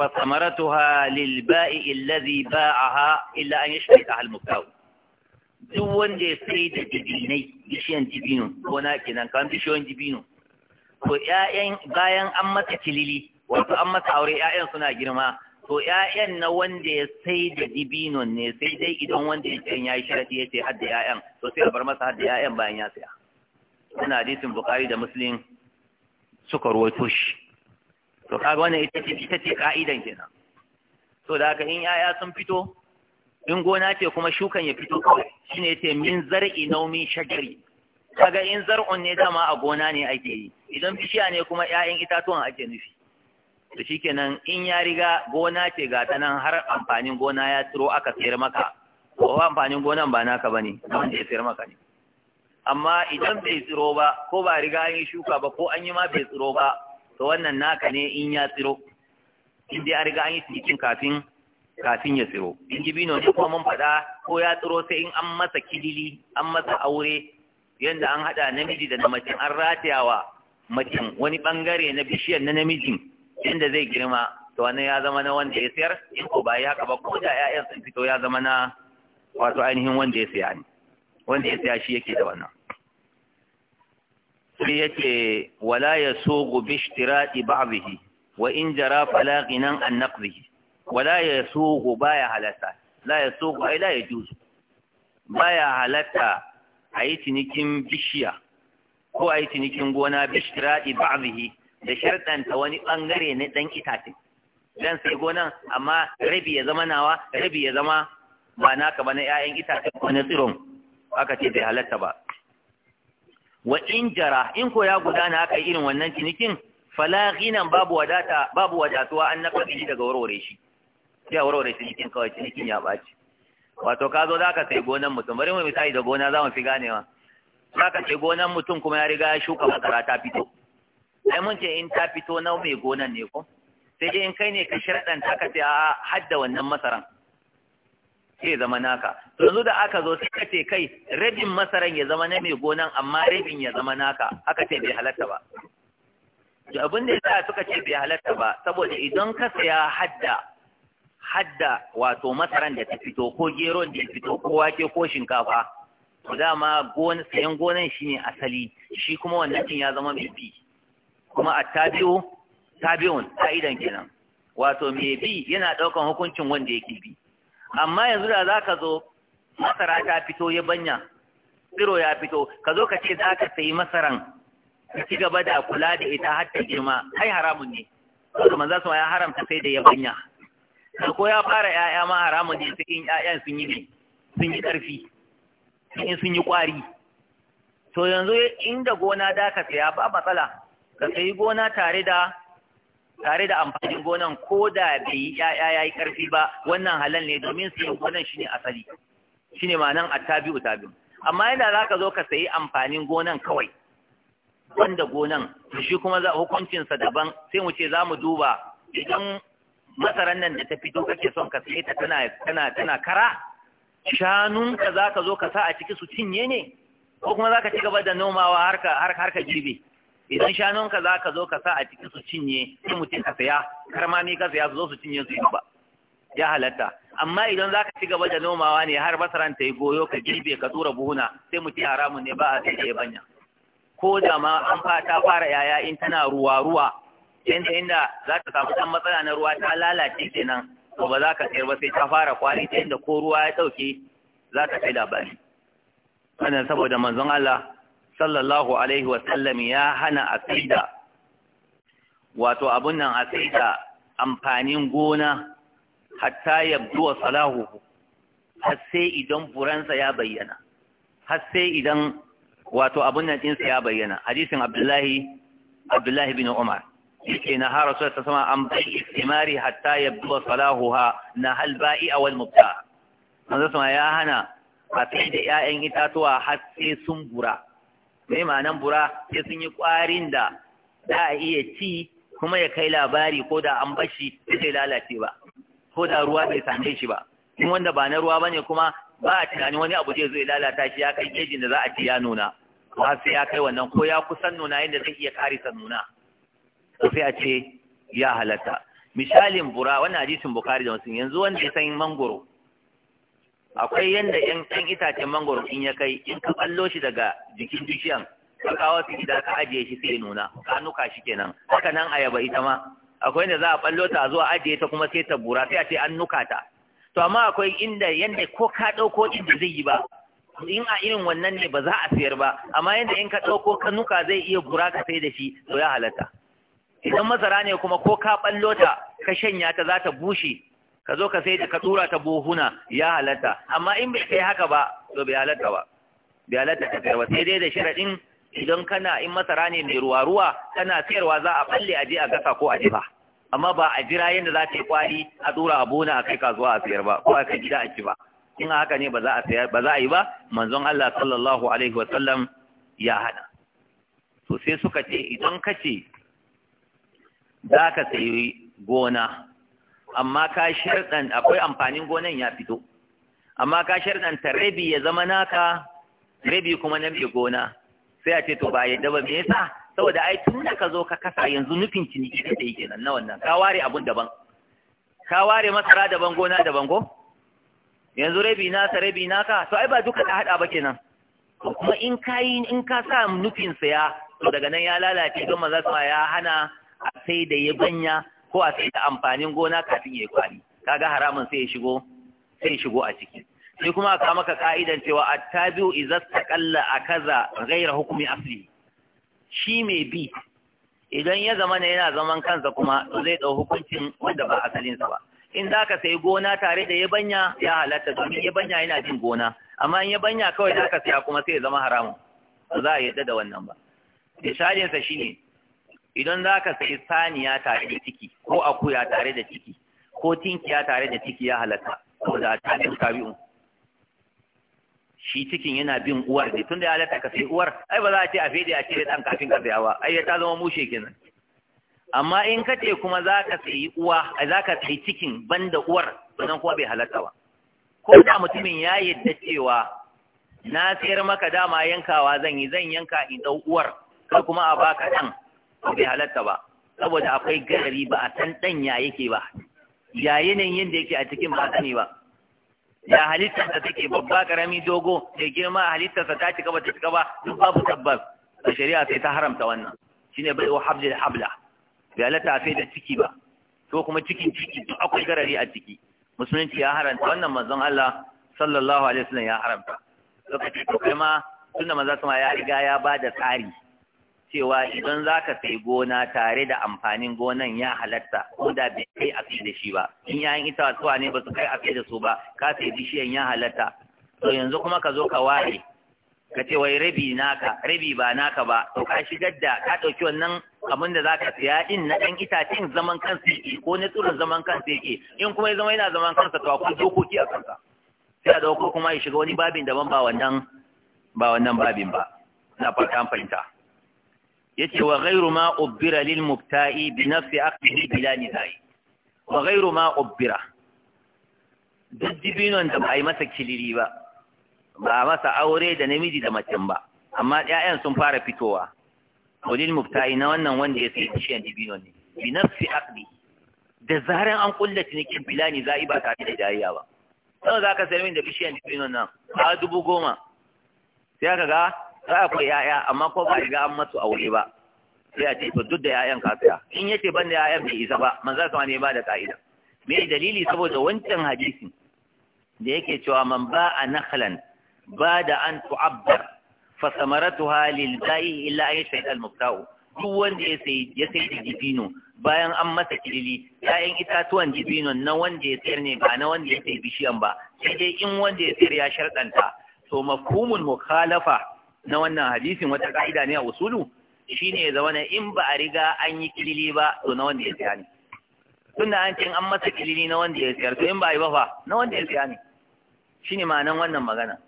فثمرتها للبائع الذي باعها إلا أن يشترطها المبتاع duk wanda ya sai da dibinai bishiyan dibino na kenan kan bishiyoyin dibino to ƴaƴan bayan an masa kilili wato an masa aure ƴaƴan suna girma to ƴaƴan na wanda ya sai da dibinon ne sai dai idan wanda ya sayan yayi sharadi ya ce hadda ƴaƴan to sai a bar masa hadda ƴaƴan bayan ya saya wannan hadisin bukhari da muslim suka ruwaito shi to kaga wannan ita ce ita ce ka'idan kenan to da haka in yaya sun fito in gona ce kuma shukan ya fito shine yace min zar'i naumin shajari kaga in zar'un ne dama a gona ne ake yi idan bishiya ne kuma 'ya'yan itatuwan ake nufi to shikenan in ya riga gona ce ga ta nan har amfanin gona ya tsiro aka sayar maka ko amfanin gonan ba naka bane wanda ya sayar maka ne amma idan bai tsiro ba ko ba riga an yi shuka ba ko an yi ma bai tsiro ba to wannan naka ne in ya tsiro in dai an riga an yi cikin kafin kafin ya tsiro in bino ne kuma mun faɗa ko ya tsiro sai in an masa kilili an masa aure yanda an haɗa namiji da na an ratayawa macen wani ɓangare na bishiyar na namijin yanda zai girma to wannan ya zama na wanda ya sayar in ko ba haka ba ko da ya'yan sun fito ya zama na wato ainihin wanda ya saya ne wanda ya saya shi yake da wannan sai yace wala yasugu bi ishtirati ibabihi wa in jara fala ghinan an ya wala ba ya halatta. la ya yasugu ay la ya Ba ya halatta a yi cinikin bishiya ko a yi cinikin gona bi ibabihi da shirɗanta wani bangare na dan itace dan sai gonan amma rabi ya zama nawa rabi ya zama ba naka ba na 'ya'yan itace ko na tsiron aka ce bai halatta ba wa in jara in ko ya gudana aka yi irin wannan cinikin fala babu wadata babu wadatuwa an naka biji daga warware shi sai warware cinikin kawai cinikin ya baci wato ka zo zaka sai gonan mutum bari mu misali da gona zamu fi ganewa zaka sai gonan mutum kuma ya riga ya shuka masara ta fito ai mun ce in ta fito na mai gonan ne ko sai in kai ne ka ta ka sai a hadda wannan masaran sai zama naka yanzu da aka zo sai ce kai rabin masaran ya zama na mai gonan amma rabin ya zama naka aka ce bai halatta ba to abin da ya suka ce bai halatta ba saboda idan ka saya hadda hadda wato masaran da ta fito ko geron da ya fito ko wake ko shinkafa to dama sayan gonan shine asali shi kuma wannan cin ya zama mai bi kuma a tabi'u ta ka'idan kenan wato mai bi yana ɗaukan hukuncin wanda yake bi amma yanzu da za ka zo masara ta fito ya banya tsiro ya fito ka zo ka ce za ka sayi masaran ka ci gaba da kula da ita har ta girma ai haramun ne saboda manzo sama ya haramta sai da ya banya ko ya fara 'ya'ya ma haramun ne sai in 'ya'yan sun yi sun yi ƙarfi in sun yi ƙwari to yanzu inda gona da ka saya ba matsala ka sayi gona tare da tare da amfanin gonan ko da bai yi ya'ya ya yi ƙarfi ba wannan halal ne domin siyan gonan shine asali shine ma'anan attabi'u tabi'u amma yana za ka zo ka sayi amfanin gonan kawai wanda gonan shi kuma za hukuncinsa daban sai mu ce za mu duba idan masaran nan da ta fito kake son ka saye ta tana tana tana kara shanunka za ka zo ka sa a ciki su cinye ne ko kuma za ka ci gaba da nomawa har ka har ka girbe idan shanunka za ka zo ka sa a cikin su cinye su mutum ka saya kar ma ni ka saya su zo su cinye su ba ya halatta amma idan za ka ci gaba da nomawa ne har basaran ta yi goyo ka girbe ka tura buhuna sai mutum haramun ne ba a sai da banya ko da ma an ta fara yaya in tana ruwa ruwa inda inda za ta samu dan matsala na ruwa ta lalace kenan to ba za ka sayar ba sai ta fara kwari ta inda ko ruwa ya dauke za ta kai labari wannan saboda manzon Allah sallallahu alaihi wasallam ya hana a saida wato abun nan a saida amfanin gona hatta yabdu wa salahu har sai idan furansa ya bayyana har sai idan wato abun nan ɗinsa ya bayyana hadisin abdullahi abdullahi bin umar yake na har rasul ta sama an bai istimari hatta ya yabdu wa salahuha na hal a awal mubta manzo ya hana a sai da ƴaƴan itatuwa har sai sun bura mai manan bura sai sun yi ƙwarin da za a iya ci kuma ya kai labari ko da an bashi sai lalace ba ko da ruwa bai same shi ba in wanda ba na ruwa ba ne kuma ba a tunani wani abu zai zo ya lalata shi ya kai kejin da za a ci ya nuna Ba sai ya kai wannan ko ya kusan nuna yadda zai iya karisa nuna sai a ce ya halatta misalin bura wannan hadisin bukari da wasu, yanzu wanda ya san mangoro akwai yanda yan ɗan itacen mangoro in ya kai in ka ballo shi daga jikin bishiyan ka kawo su gida ka ajiye shi sai nuna ka nuka shi kenan haka nan ayaba ita ma akwai inda za a ballo ta zuwa ajiye ta kuma sai ta bura sai a ce an nuka ta to amma akwai inda yanda ko ka ɗauko inda zai yi ba in a irin wannan ne ba za a sayar ba amma yanda in ka ɗauko ka nuka zai iya bura ka sai da shi to ya halatta idan masara ne kuma ko ka ballo ta ka shanya ta za ta bushe ka zo ka sai ka tura ta buhuna ya halatta amma in bai kai haka ba to bai halatta ba bai halatta ta sayarwa. sai dai da sharaɗin idan kana in masara ne mai ruwa-ruwa kana sayarwa za a falle a je a gasa ko a jiba amma ba a jira yadda za ta yi kwari a tura a buhuna a kai kasuwa a sayar ba ko a kai gida a ci ba in haka ne ba za a ba za a yi ba manzon Allah sallallahu alaihi wa sallam ya hana to sai suka ce idan kace za ka sayi gona amma ka sharɗan akwai amfanin gonan ya fito amma ka ta, rabi ya zama naka rabi kuma na mai gona sai a ce to ba yadda ba me yasa saboda ai tun da ka zo ka kasa yanzu nufin ciniki da yake nan na wannan ka ware abun daban ka ware masara daban gona daban ko yanzu rabi nasa rabi naka to ai ba duka da hada ba kenan to kuma in kai in ka sa nufin ya, to daga nan ya lalace don maza ya hana a sai da yabanya ko a sai da amfanin gona kafin ya yi kwari kaga haramun sai ya shigo sai shigo a ciki sai kuma ka maka ka'idan cewa attabi'u idza taqalla akaza ghayra hukmi asli shi mai bi idan ya zama ne yana zaman kansa kuma zai dau hukuncin wanda ba sa ba in za ka sai gona tare da yabanya ya halatta domin yabanya yana jin gona amma in yabanya kawai za ka saya kuma sai ya zama haramun ba za a yadda da wannan ba misalinsa shi ne idan za ka sai saniya tare da ciki ko akuya tare da ciki ko tinkiya tare da ciki ya halatta ko da tabi'un tabi'un shi cikin yana bin uwar ne tunda ya halatta ka sai uwar ai ba za a ce a fede a cire dan kafin ka bayawa ai ya ta zama mushe kenan amma in ka ce kuma za ka sayi uwa za ka sayi cikin banda uwar sannan kuma bai halatta ba ko da mutumin ya yadda cewa na sayar maka dama yankawa zan yi zan yanka in dau uwar kai kuma a baka dan bai halatta ba saboda akwai gari ba a san ɗan ya yake ba ya yanayin da yake a cikin ba sani ba ya halittarsa take babba karami dogo da girma halittarsa ta cika ba ta cika ba duk babu tabbas da shari'a sai ta haramta wannan shine bai wa habla habla bai halatta sai da ciki ba to kuma cikin ciki duk akwai garari a ciki musulunci ya haramta wannan manzon Allah sallallahu alaihi wasallam ya haramta lokaci to kai ma tunda manzon sama ya riga ya bada tsari cewa idan za ka sai gona tare da amfanin gonan ya halatta ko da bai kai a da shi ba in yayin itatuwa ne ba su kai a da su ba ka sai bishiyan ya halatta to yanzu kuma ka zo ka ware ka ce wai rabi naka rabi ba naka ba to ka shigar da ka ɗauki wannan abin da zaka siya din na ɗan itacen zaman kansa yake ko na tsurin zaman kansa yake in kuma ya zama yana zaman kansa to akwai dokoki a kansa sai a dauko kuma ya shiga wani babin daban ba wannan ba wannan babin ba na fata an fahimta yace wa ghayru ma ubbira lil mubta'i bi nafsi aqdi bila nihai wa ghayru ma ubbira duk dibinon da ba masa kiliri ba ba masa aure da namiji da mace ba amma ƴaƴan sun fara fitowa to lil mubta'i na wannan wanda ya sai bishiyan dibinon ne bi nafsi aqdi da zaran an kulla cinikin bila ni za'i ba tare da jayayya ba sai zaka ka sayar min da bishiyan dibino nan a dubu goma sai ka ga za akwai yaya amma ko ba riga an masu aure ba sai a ce to duk da yayan ka in yace ban da yayan bai isa ba manzo sama ne ba da ka'ida me dalili saboda wancan hadisi da yake cewa man nakalan ba da an tu'abbar fa samaratuha lil ba'i illa an yashhad al mubta'u duk wanda ya sai ya sai dibino bayan an masa kilili ya'yan itatuwan dibino na wanda ya sayar ne ba na wanda ya sai bishiyan ba sai dai in wanda ya sayar ya sharɗanta to mafhumul mukhalafa na wannan hadisin wata ka'ida ne a usulu shine ya zama in ba a riga an yi kilili ba to na wanda ya siya ne tunda an ce an masa kilili na wanda ya siyar to in ba a yi ba fa na wanda ya siya ne shine ma'anan wannan magana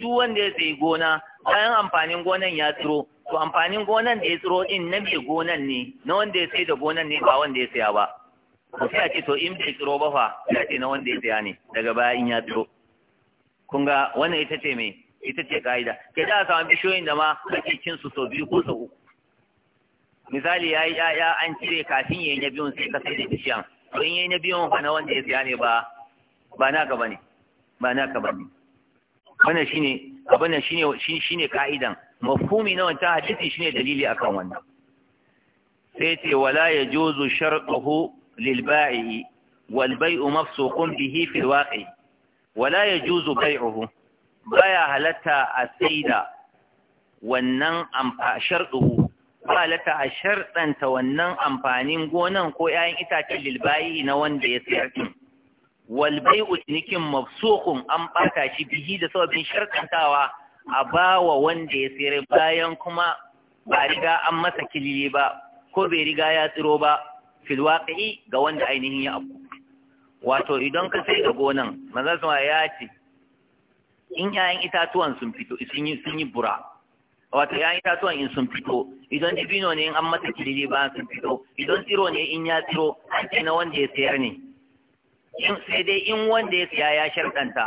duk wanda ya sayi gona bayan amfanin gonan ya tsiro to amfanin gonan da ya tsiro din na mai gonan ne na wanda ya sai da gonan ne ba wanda ya saya ba to sai a ce to in bai tsiro ba fa sai a ce na wanda ya siya ne daga baya in ya tsiro kun ga wannan ita ce mai ita ce ka'ida ke da samu bishiyoyin da ma ake cin su sau biyu ko sau uku misali ya yi ya'ya an cire kafin yi na biyun sai ka sai da bishiyan to in yi na biyun ba na wanda ya siya ne ba ba na bane ba naka bane wannan shine abin nan shine shine ka'idan mafhumi na wancan hadisi shine dalili akan wannan sai ce wala yajuzu shartuhu lil ba'i wal bai'u mafsuqun bihi fil waqi wala yajuzu bai'uhu baya halatta a saida wannan sharɗu ba halatta a sharɗanta wannan amfanin gonan ko ‘ya'yan itacen lilbayi na wanda ya sayar ɗin walbai utinikin mafsokun an ɓata shi bihi da sabbin sharɗantawa a ba wa wanda ya sayar bayan kuma ba riga an masa kilili ba ko bai riga ya tsiro ba filwaƙi ga wanda ainihin ya abu wato idan ka sai da gonan maza ya ce in 'ya'yan itatuwan sun fito sun yi sun yi bura wato yi tatuwan in sun fito idan dibino ne in an mata kilili ba sun fito idan tsiro ne in ya tsiro an na wanda ya sayar ne sai dai in wanda ya siya ya sharɗanta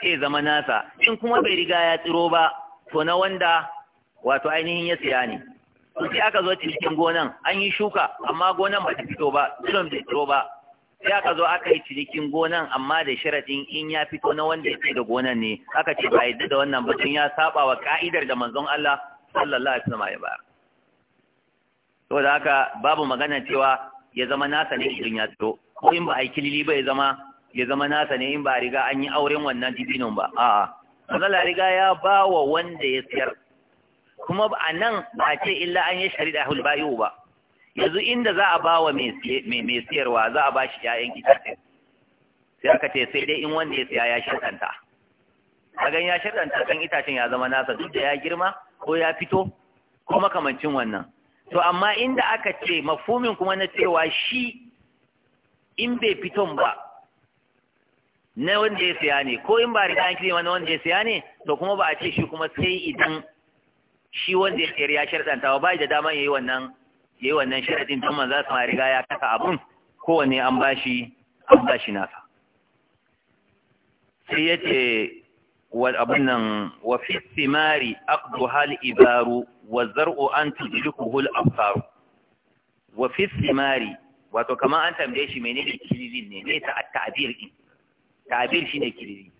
sai zama nasa in kuma bai riga ya tsiro ba to na wanda wato ainihin ya siya ne sai aka zo cikin gonan an yi shuka amma gonan ba ta fito ba tsiron bai tsiro ba ya aka zo aka yi cinikin gonan amma da sharadin in ya fito na wanda ya da gonan ne aka ce ba yadda da wannan batun ya saba wa ka'idar da manzon Allah sallallahu alaihi wasallam ba to da haka babu magana cewa ya zama nasa ne idan ya fito ko in ba a yi kilili ba ya zama ya zama nasa ne in ba riga an yi auren wannan dibinin ba a'a Allah riga ya ba wa wanda ya siyar kuma a nan ba ce illa an yi shari'a hulbayu ba yanzu inda za a ba wa mai siyarwa za a ba shi ‘ya'yan itacen sai aka ce sai dai in wanda ya siya ya A gan ya shirɗanta kan itacen ya zama nasa duk da ya girma ko ya fito ko makamancin wannan to amma inda aka ce mafumin kuma na cewa shi in bai fiton ba na wanda ya siya ne ko in ba riga an kirema na wanda ya siya ne to kuma ba a ce shi kuma sai idan shi wanda ya siyar ya shirɗanta ba ba da dama ya yi wannan ya yi wannan sharadin don su sama riga ya kasa abun kowanne an bashi an bashi nasa sai ya ce abin nan wa fi simari aqdu hal ibaru wa zar'u an tudrikuhu hul absar wa fi simari wato kamar an tambaye shi menene kililin ne ne ta ta'bir din ta'bir shine kilili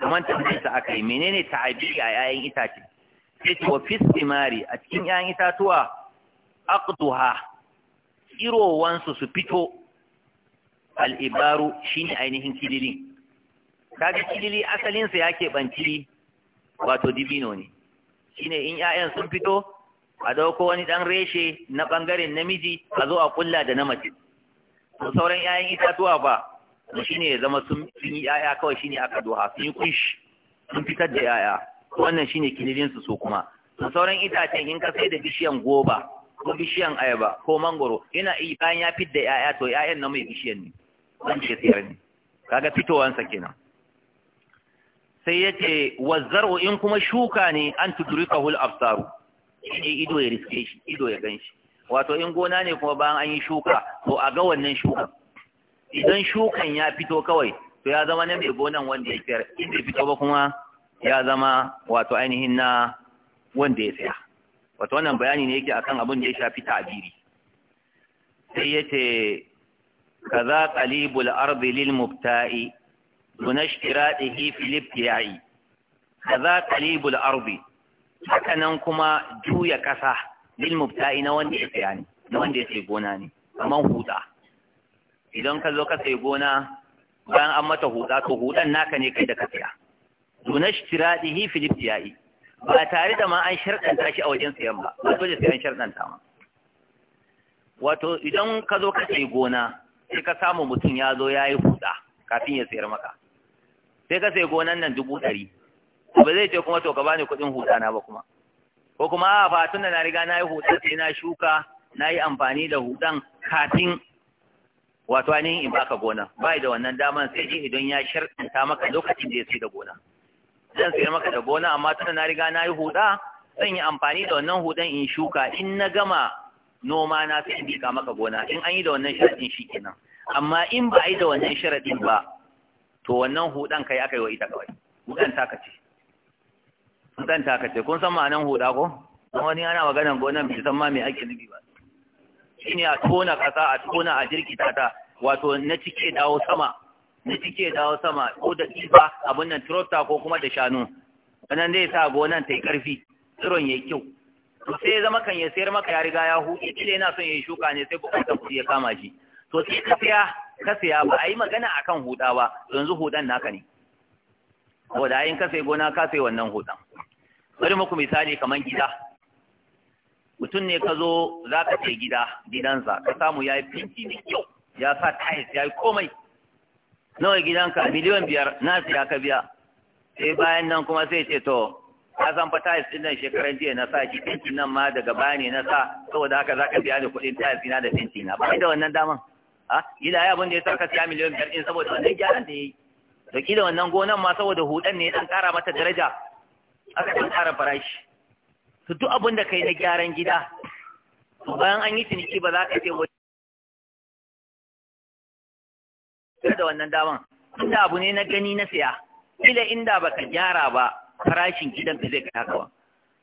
kamar tambaye sa aka yi menene ta'bir a yayin itace sai wa fi simari a cikin yayin itatuwa aqduha irowansu su fito al'ibaru shine ainihin kidili kaga kidili asalinsa ya keɓanci wato dibino ne shine in ‘ya'yan sun fito a dauko wani ɗan reshe na ɓangaren namiji a zo a kulla da na mace to sauran ‘ya'yan itatuwa ba shine ya zama sun yi ‘ya'ya kawai shine aka doha sun yi kunshi sun fitar da ‘ya'ya wannan shine kililinsu su kuma to sauran itacen in ka sai da bishiyan goba ko bishiyan ayaba ko mangoro ina iya bayan ya fidda 'ya'ya to ya'yan na mai bishiyan ne zan ce tsayar ne kaga fitowansa kenan sai yace wazzar'u in kuma shuka ne an tudrikahu al-absaru ido ya riske shi ido ya ganshi wato in gona ne kuma bayan an yi shuka to a ga wannan shukan idan shukan ya fito kawai to ya zama na mai gonan wanda ya fiyar in bai fito ba kuma ya zama wato ainihin na wanda ya saya Wata wannan bayani ne yake akan abin da ya shafi ta'abiri sai yace kaza qalibul ardi lil mubta'i dun ishtiratihi fil ibtiya'i kaza qalibul ardi haka kuma juya kasa lil mubta'i na wanda ya tsaya na wanda ya sai gona ne kamar huda idan ka zo ka sai gona bayan an mata huda to hudan naka ne kai da ka tsaya dun ishtiratihi fil ibtiya'i ba tare da ma an sharɗanta shi a wajen siyan ba ba dole sai an ma wato idan ka zo ka sai gona sai ka samu mutum ya zo ya yi huɗa kafin ya sayar maka sai ka sai gonan nan dubu ɗari ba zai ce kuma to ka bani kuɗin huɗa na ba kuma ko kuma a tun da na riga na yi huɗa sai na shuka na yi amfani da huɗan kafin wato ainihin in baka gona bai da wannan daman sai idan ya shirɗanta maka lokacin da ya sai da gona zan sayar maka da gona amma tana na riga na yi huda zan yi amfani da wannan hudan in shuka in na gama noma na sai in bika maka gona in an yi da wannan sharadin shi kenan amma in ba a yi da wannan sharadin ba to wannan hudan kai aka yi wa ita kawai hudan taka ce hudan taka ce kun san ma'anan huda ko wani ana maganan gonan bai san ma me ake nufi ba shine a tona kasa a tona a jirkita ta wato na cike dawo sama na kike dawo sama ko da kifa abin nan trota ko kuma da shanu wannan zai sa gonan ta yi ƙarfi tsiron ya kyau to sai zama kan ya sayar maka ya riga ya huce kila yana son ya shuka ne sai bukatar kuɗi ya kama shi to sai ka saya ka saya ba a yi magana akan huda ba yanzu hudan naka ne da ayin ka sai gona ka sai wannan hudan bari muku misali kamar gida mutum ne ka zo za ka ce gida gidansa ka samu ya yi finti kyau ya sa tayis ya yi komai nawa gidanka miliyan biyar na siya ka biya sai bayan nan kuma sai ce to ka san fa tayis din nan shekaran jiya na sa ki tinki nan ma daga baya ne na sa saboda haka zaka biya ni kuɗin tayis na da tinki na ba da wannan daman a ila ya abin da ya saka siya miliyan biyar din saboda wannan gyaran da yayi da kila wannan gonan ma saboda hudan ne dan ƙara mata daraja aka dan ƙara farashi to duk abin da kai na gyaran gida to bayan an yi ciniki ba za ka ce da wannan daman inda abu ne na gani na siya kila inda baka gyara ba farashin gidan ba zai kai haka ba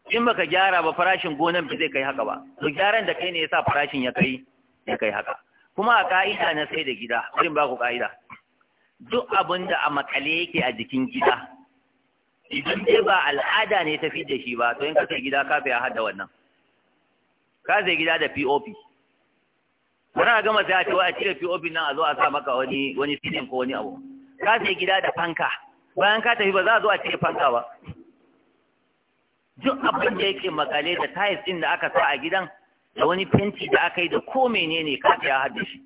in baka gyara ba farashin gonan ba zai kai haka ba to gyaran da kai ne yasa farashin ya kai ya kai haka kuma a ka'ida na sai da gida irin ba ku ka'ida duk abin da a makale yake a jikin gida idan dai ba al'ada ne ta fi da shi ba to in ka sai gida ka fi a hada wannan ka sai gida da POP wani a gama sai a ce wa a cire pop nan a zo a sa maka wani wani sinin ko wani abu ka sai gida da fanka bayan ka tafi ba za a zo a cire fanka ba duk abin da yake makale da tiles din da aka sa a gidan da wani fenti da aka yi da ko menene ka ya shi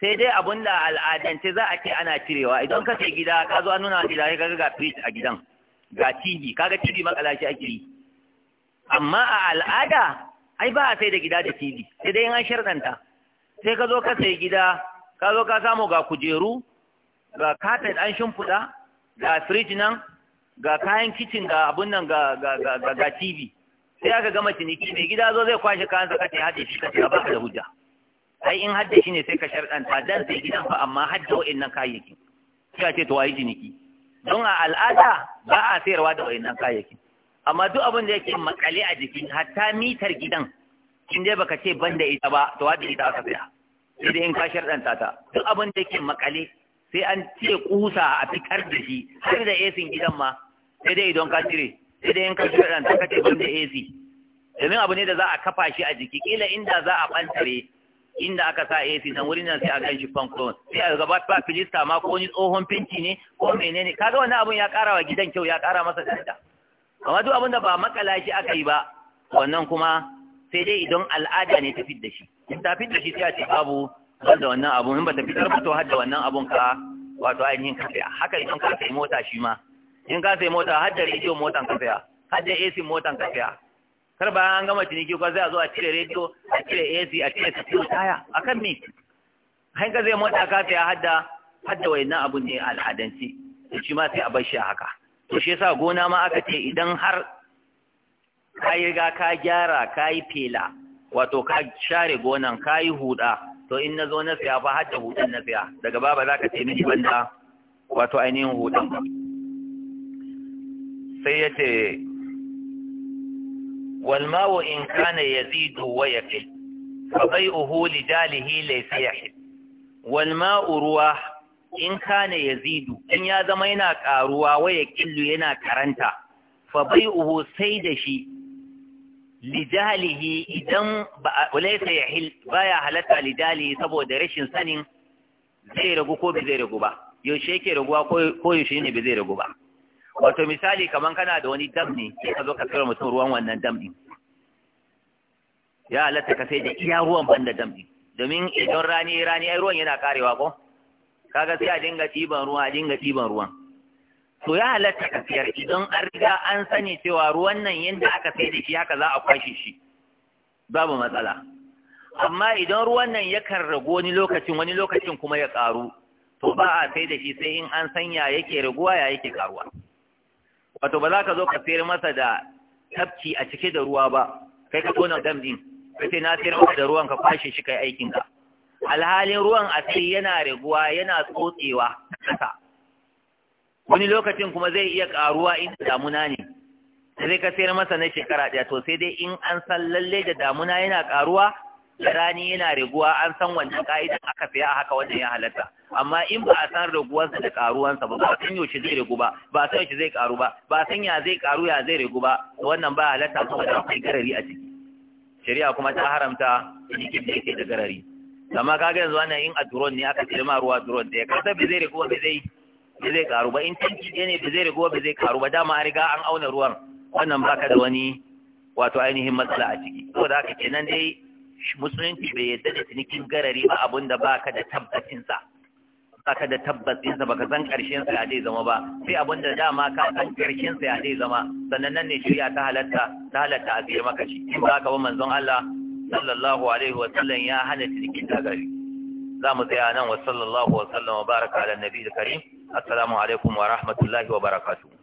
sai dai abunda da al'adance za a ce ana cirewa idan ka sai gida ka zo an nuna gida ka ga fridge a gidan ga TV kaga TV makala shi ake yi amma a al'ada ai ba a sai da gida da TV sai dai an sharɗanta sai ka zo ka sai gida ka zo ka samu ga kujeru ga kafet an shimfiɗa ga fridge nan ga kayan kicin ga abun nan ga TV sai aka gama ciniki mai gida zo zai kwashe kayan sa ce, hade shi ka ce, ba ka da hujja ai in hadda shi ne sai ka sharɗanta dan sai gidan fa amma hadda wa'annan kayayyaki sai ce to ai ciniki don a al'ada ba a sayarwa da wa'annan kayayyaki amma duk abin da yake makale a jikin hatta mitar gidan in dai baka ce ban da ita ba to da ita aka tsaya sai dai in ka sharɗanta ta duk abin da yake makale sai an ce kusa a fitar da shi har da esin gidan ma sai dai idan ka cire sai dai in ka sharɗanta ka ce ban da esi domin abu ne da za a kafa shi a jiki kila inda za a bantare inda aka sa AC nan wurin nan sai a ganshi fanklon sai a gaba ta filista ma ko ni tsohon pinki ne ko menene kaga wannan abun ya kara wa gidan kyau ya kara masa dada amma duk abin da ba makala shi aka yi ba wannan kuma sai dai idan al'ada ne ta da shi in ta da shi sai a ce babu ban da wannan abun in ba ta fitar ba to har da wannan abun ka wato ainihin ka saya haka idan ka sai mota shi ma in ka sai mota har da rediyo motan ka saya har da AC motan ka saya kar bayan an gama ciniki ko sai a zo a cire rediyo a cire AC a cire tafiyo taya akan me hain ka zai mota ka saya har da har da wayannan abun ne al'adanci shi ma sai a bar shi haka to shi yasa gona ma aka ce idan har ka yi riga ka gyara ka yi fela wato ka share gonan ka yi huda to in na zo na siya fa har da hudan na siya daga baba za ka taimaki banda wato ainihin hudan sai ya ce walmawo in kana yazidu wa yafi fa bai'uhu lidalihi laysa yahib walma'u ruwa in kana yazidu in ya zama yana karuwa waya killu yana karanta fa bai'uhu sai da shi lijalihi idan walaisa ya ba ya halatta lijalihi saboda rashin sanin zai ragu ko bai zai ragu ba yaushe yake raguwa ko yaushe ne bai zai ragu ba wato misali kaman kana da wani dam ne sai ka zo ka kai mutum ruwan wannan dam din ya halatta ka sai da iya ruwan banda dam din domin idan rani rani ai ruwan yana karewa ko kaga sai a dinga ɗiban ruwa a dinga ɗiban ruwan to ya halatta ka siyar idan an riga an sani cewa ruwan nan yadda aka sai da shi haka za a kwashe shi babu matsala amma idan ruwan nan yakan ragu wani lokacin wani lokacin kuma ya karu to ba a sai da shi sai in an sanya yake raguwa ya yake ƙaruwa wato ba za ka zo ka sayar masa da tafki a cike da ruwa ba kai ka tona dam din kai sai na sayar masa da ruwan ka kwashe shi kai aikin ka alhalin ruwan a sai yana raguwa yana tsotsewa kasa wani lokacin kuma zai iya karuwa in damuna ne sai ka sayar masa na shekara ɗaya to sai dai in an san lalle da damuna yana karuwa da rani yana riguwa an san wannan ka'idan aka saya a haka wannan ya halatta amma in ba a san riguwarsa da karuwansa ba ba a san yaushe zai rigu ba ba san yaushe zai karu ba ba san ya zai karu ya zai rigu ba to wannan ba halatta kuma da akwai garari a ciki shari'a kuma ta haramta jikin da yake da garari amma kaga yanzu wannan in a drone ne aka ce ma ruwa drone da ya kasa bai zai rigu ba zai ba zai karu ba in tanki ɗaya ne ba zai rigo ba zai karu ba dama an riga an auna ruwan wannan baka da wani wato ainihin matsala a ciki saboda haka kenan dai musulunci bai yarda da cinikin garari ba abun da baka da sa baka da sa baka san karshen sa ya zai zama ba sai abun da dama ka san karshen sa ya zai zama sannan nan ne shirya ta halatta ta halatta a tsere maka shi in ba ka ba manzon Allah sallallahu alaihi wa sallam ya hana cinikin garari za mu tsaya nan wa sallallahu wa sallam wa baraka ala nabiyil karim assalamu alaikum wa rahmatullahi wa barakatuhu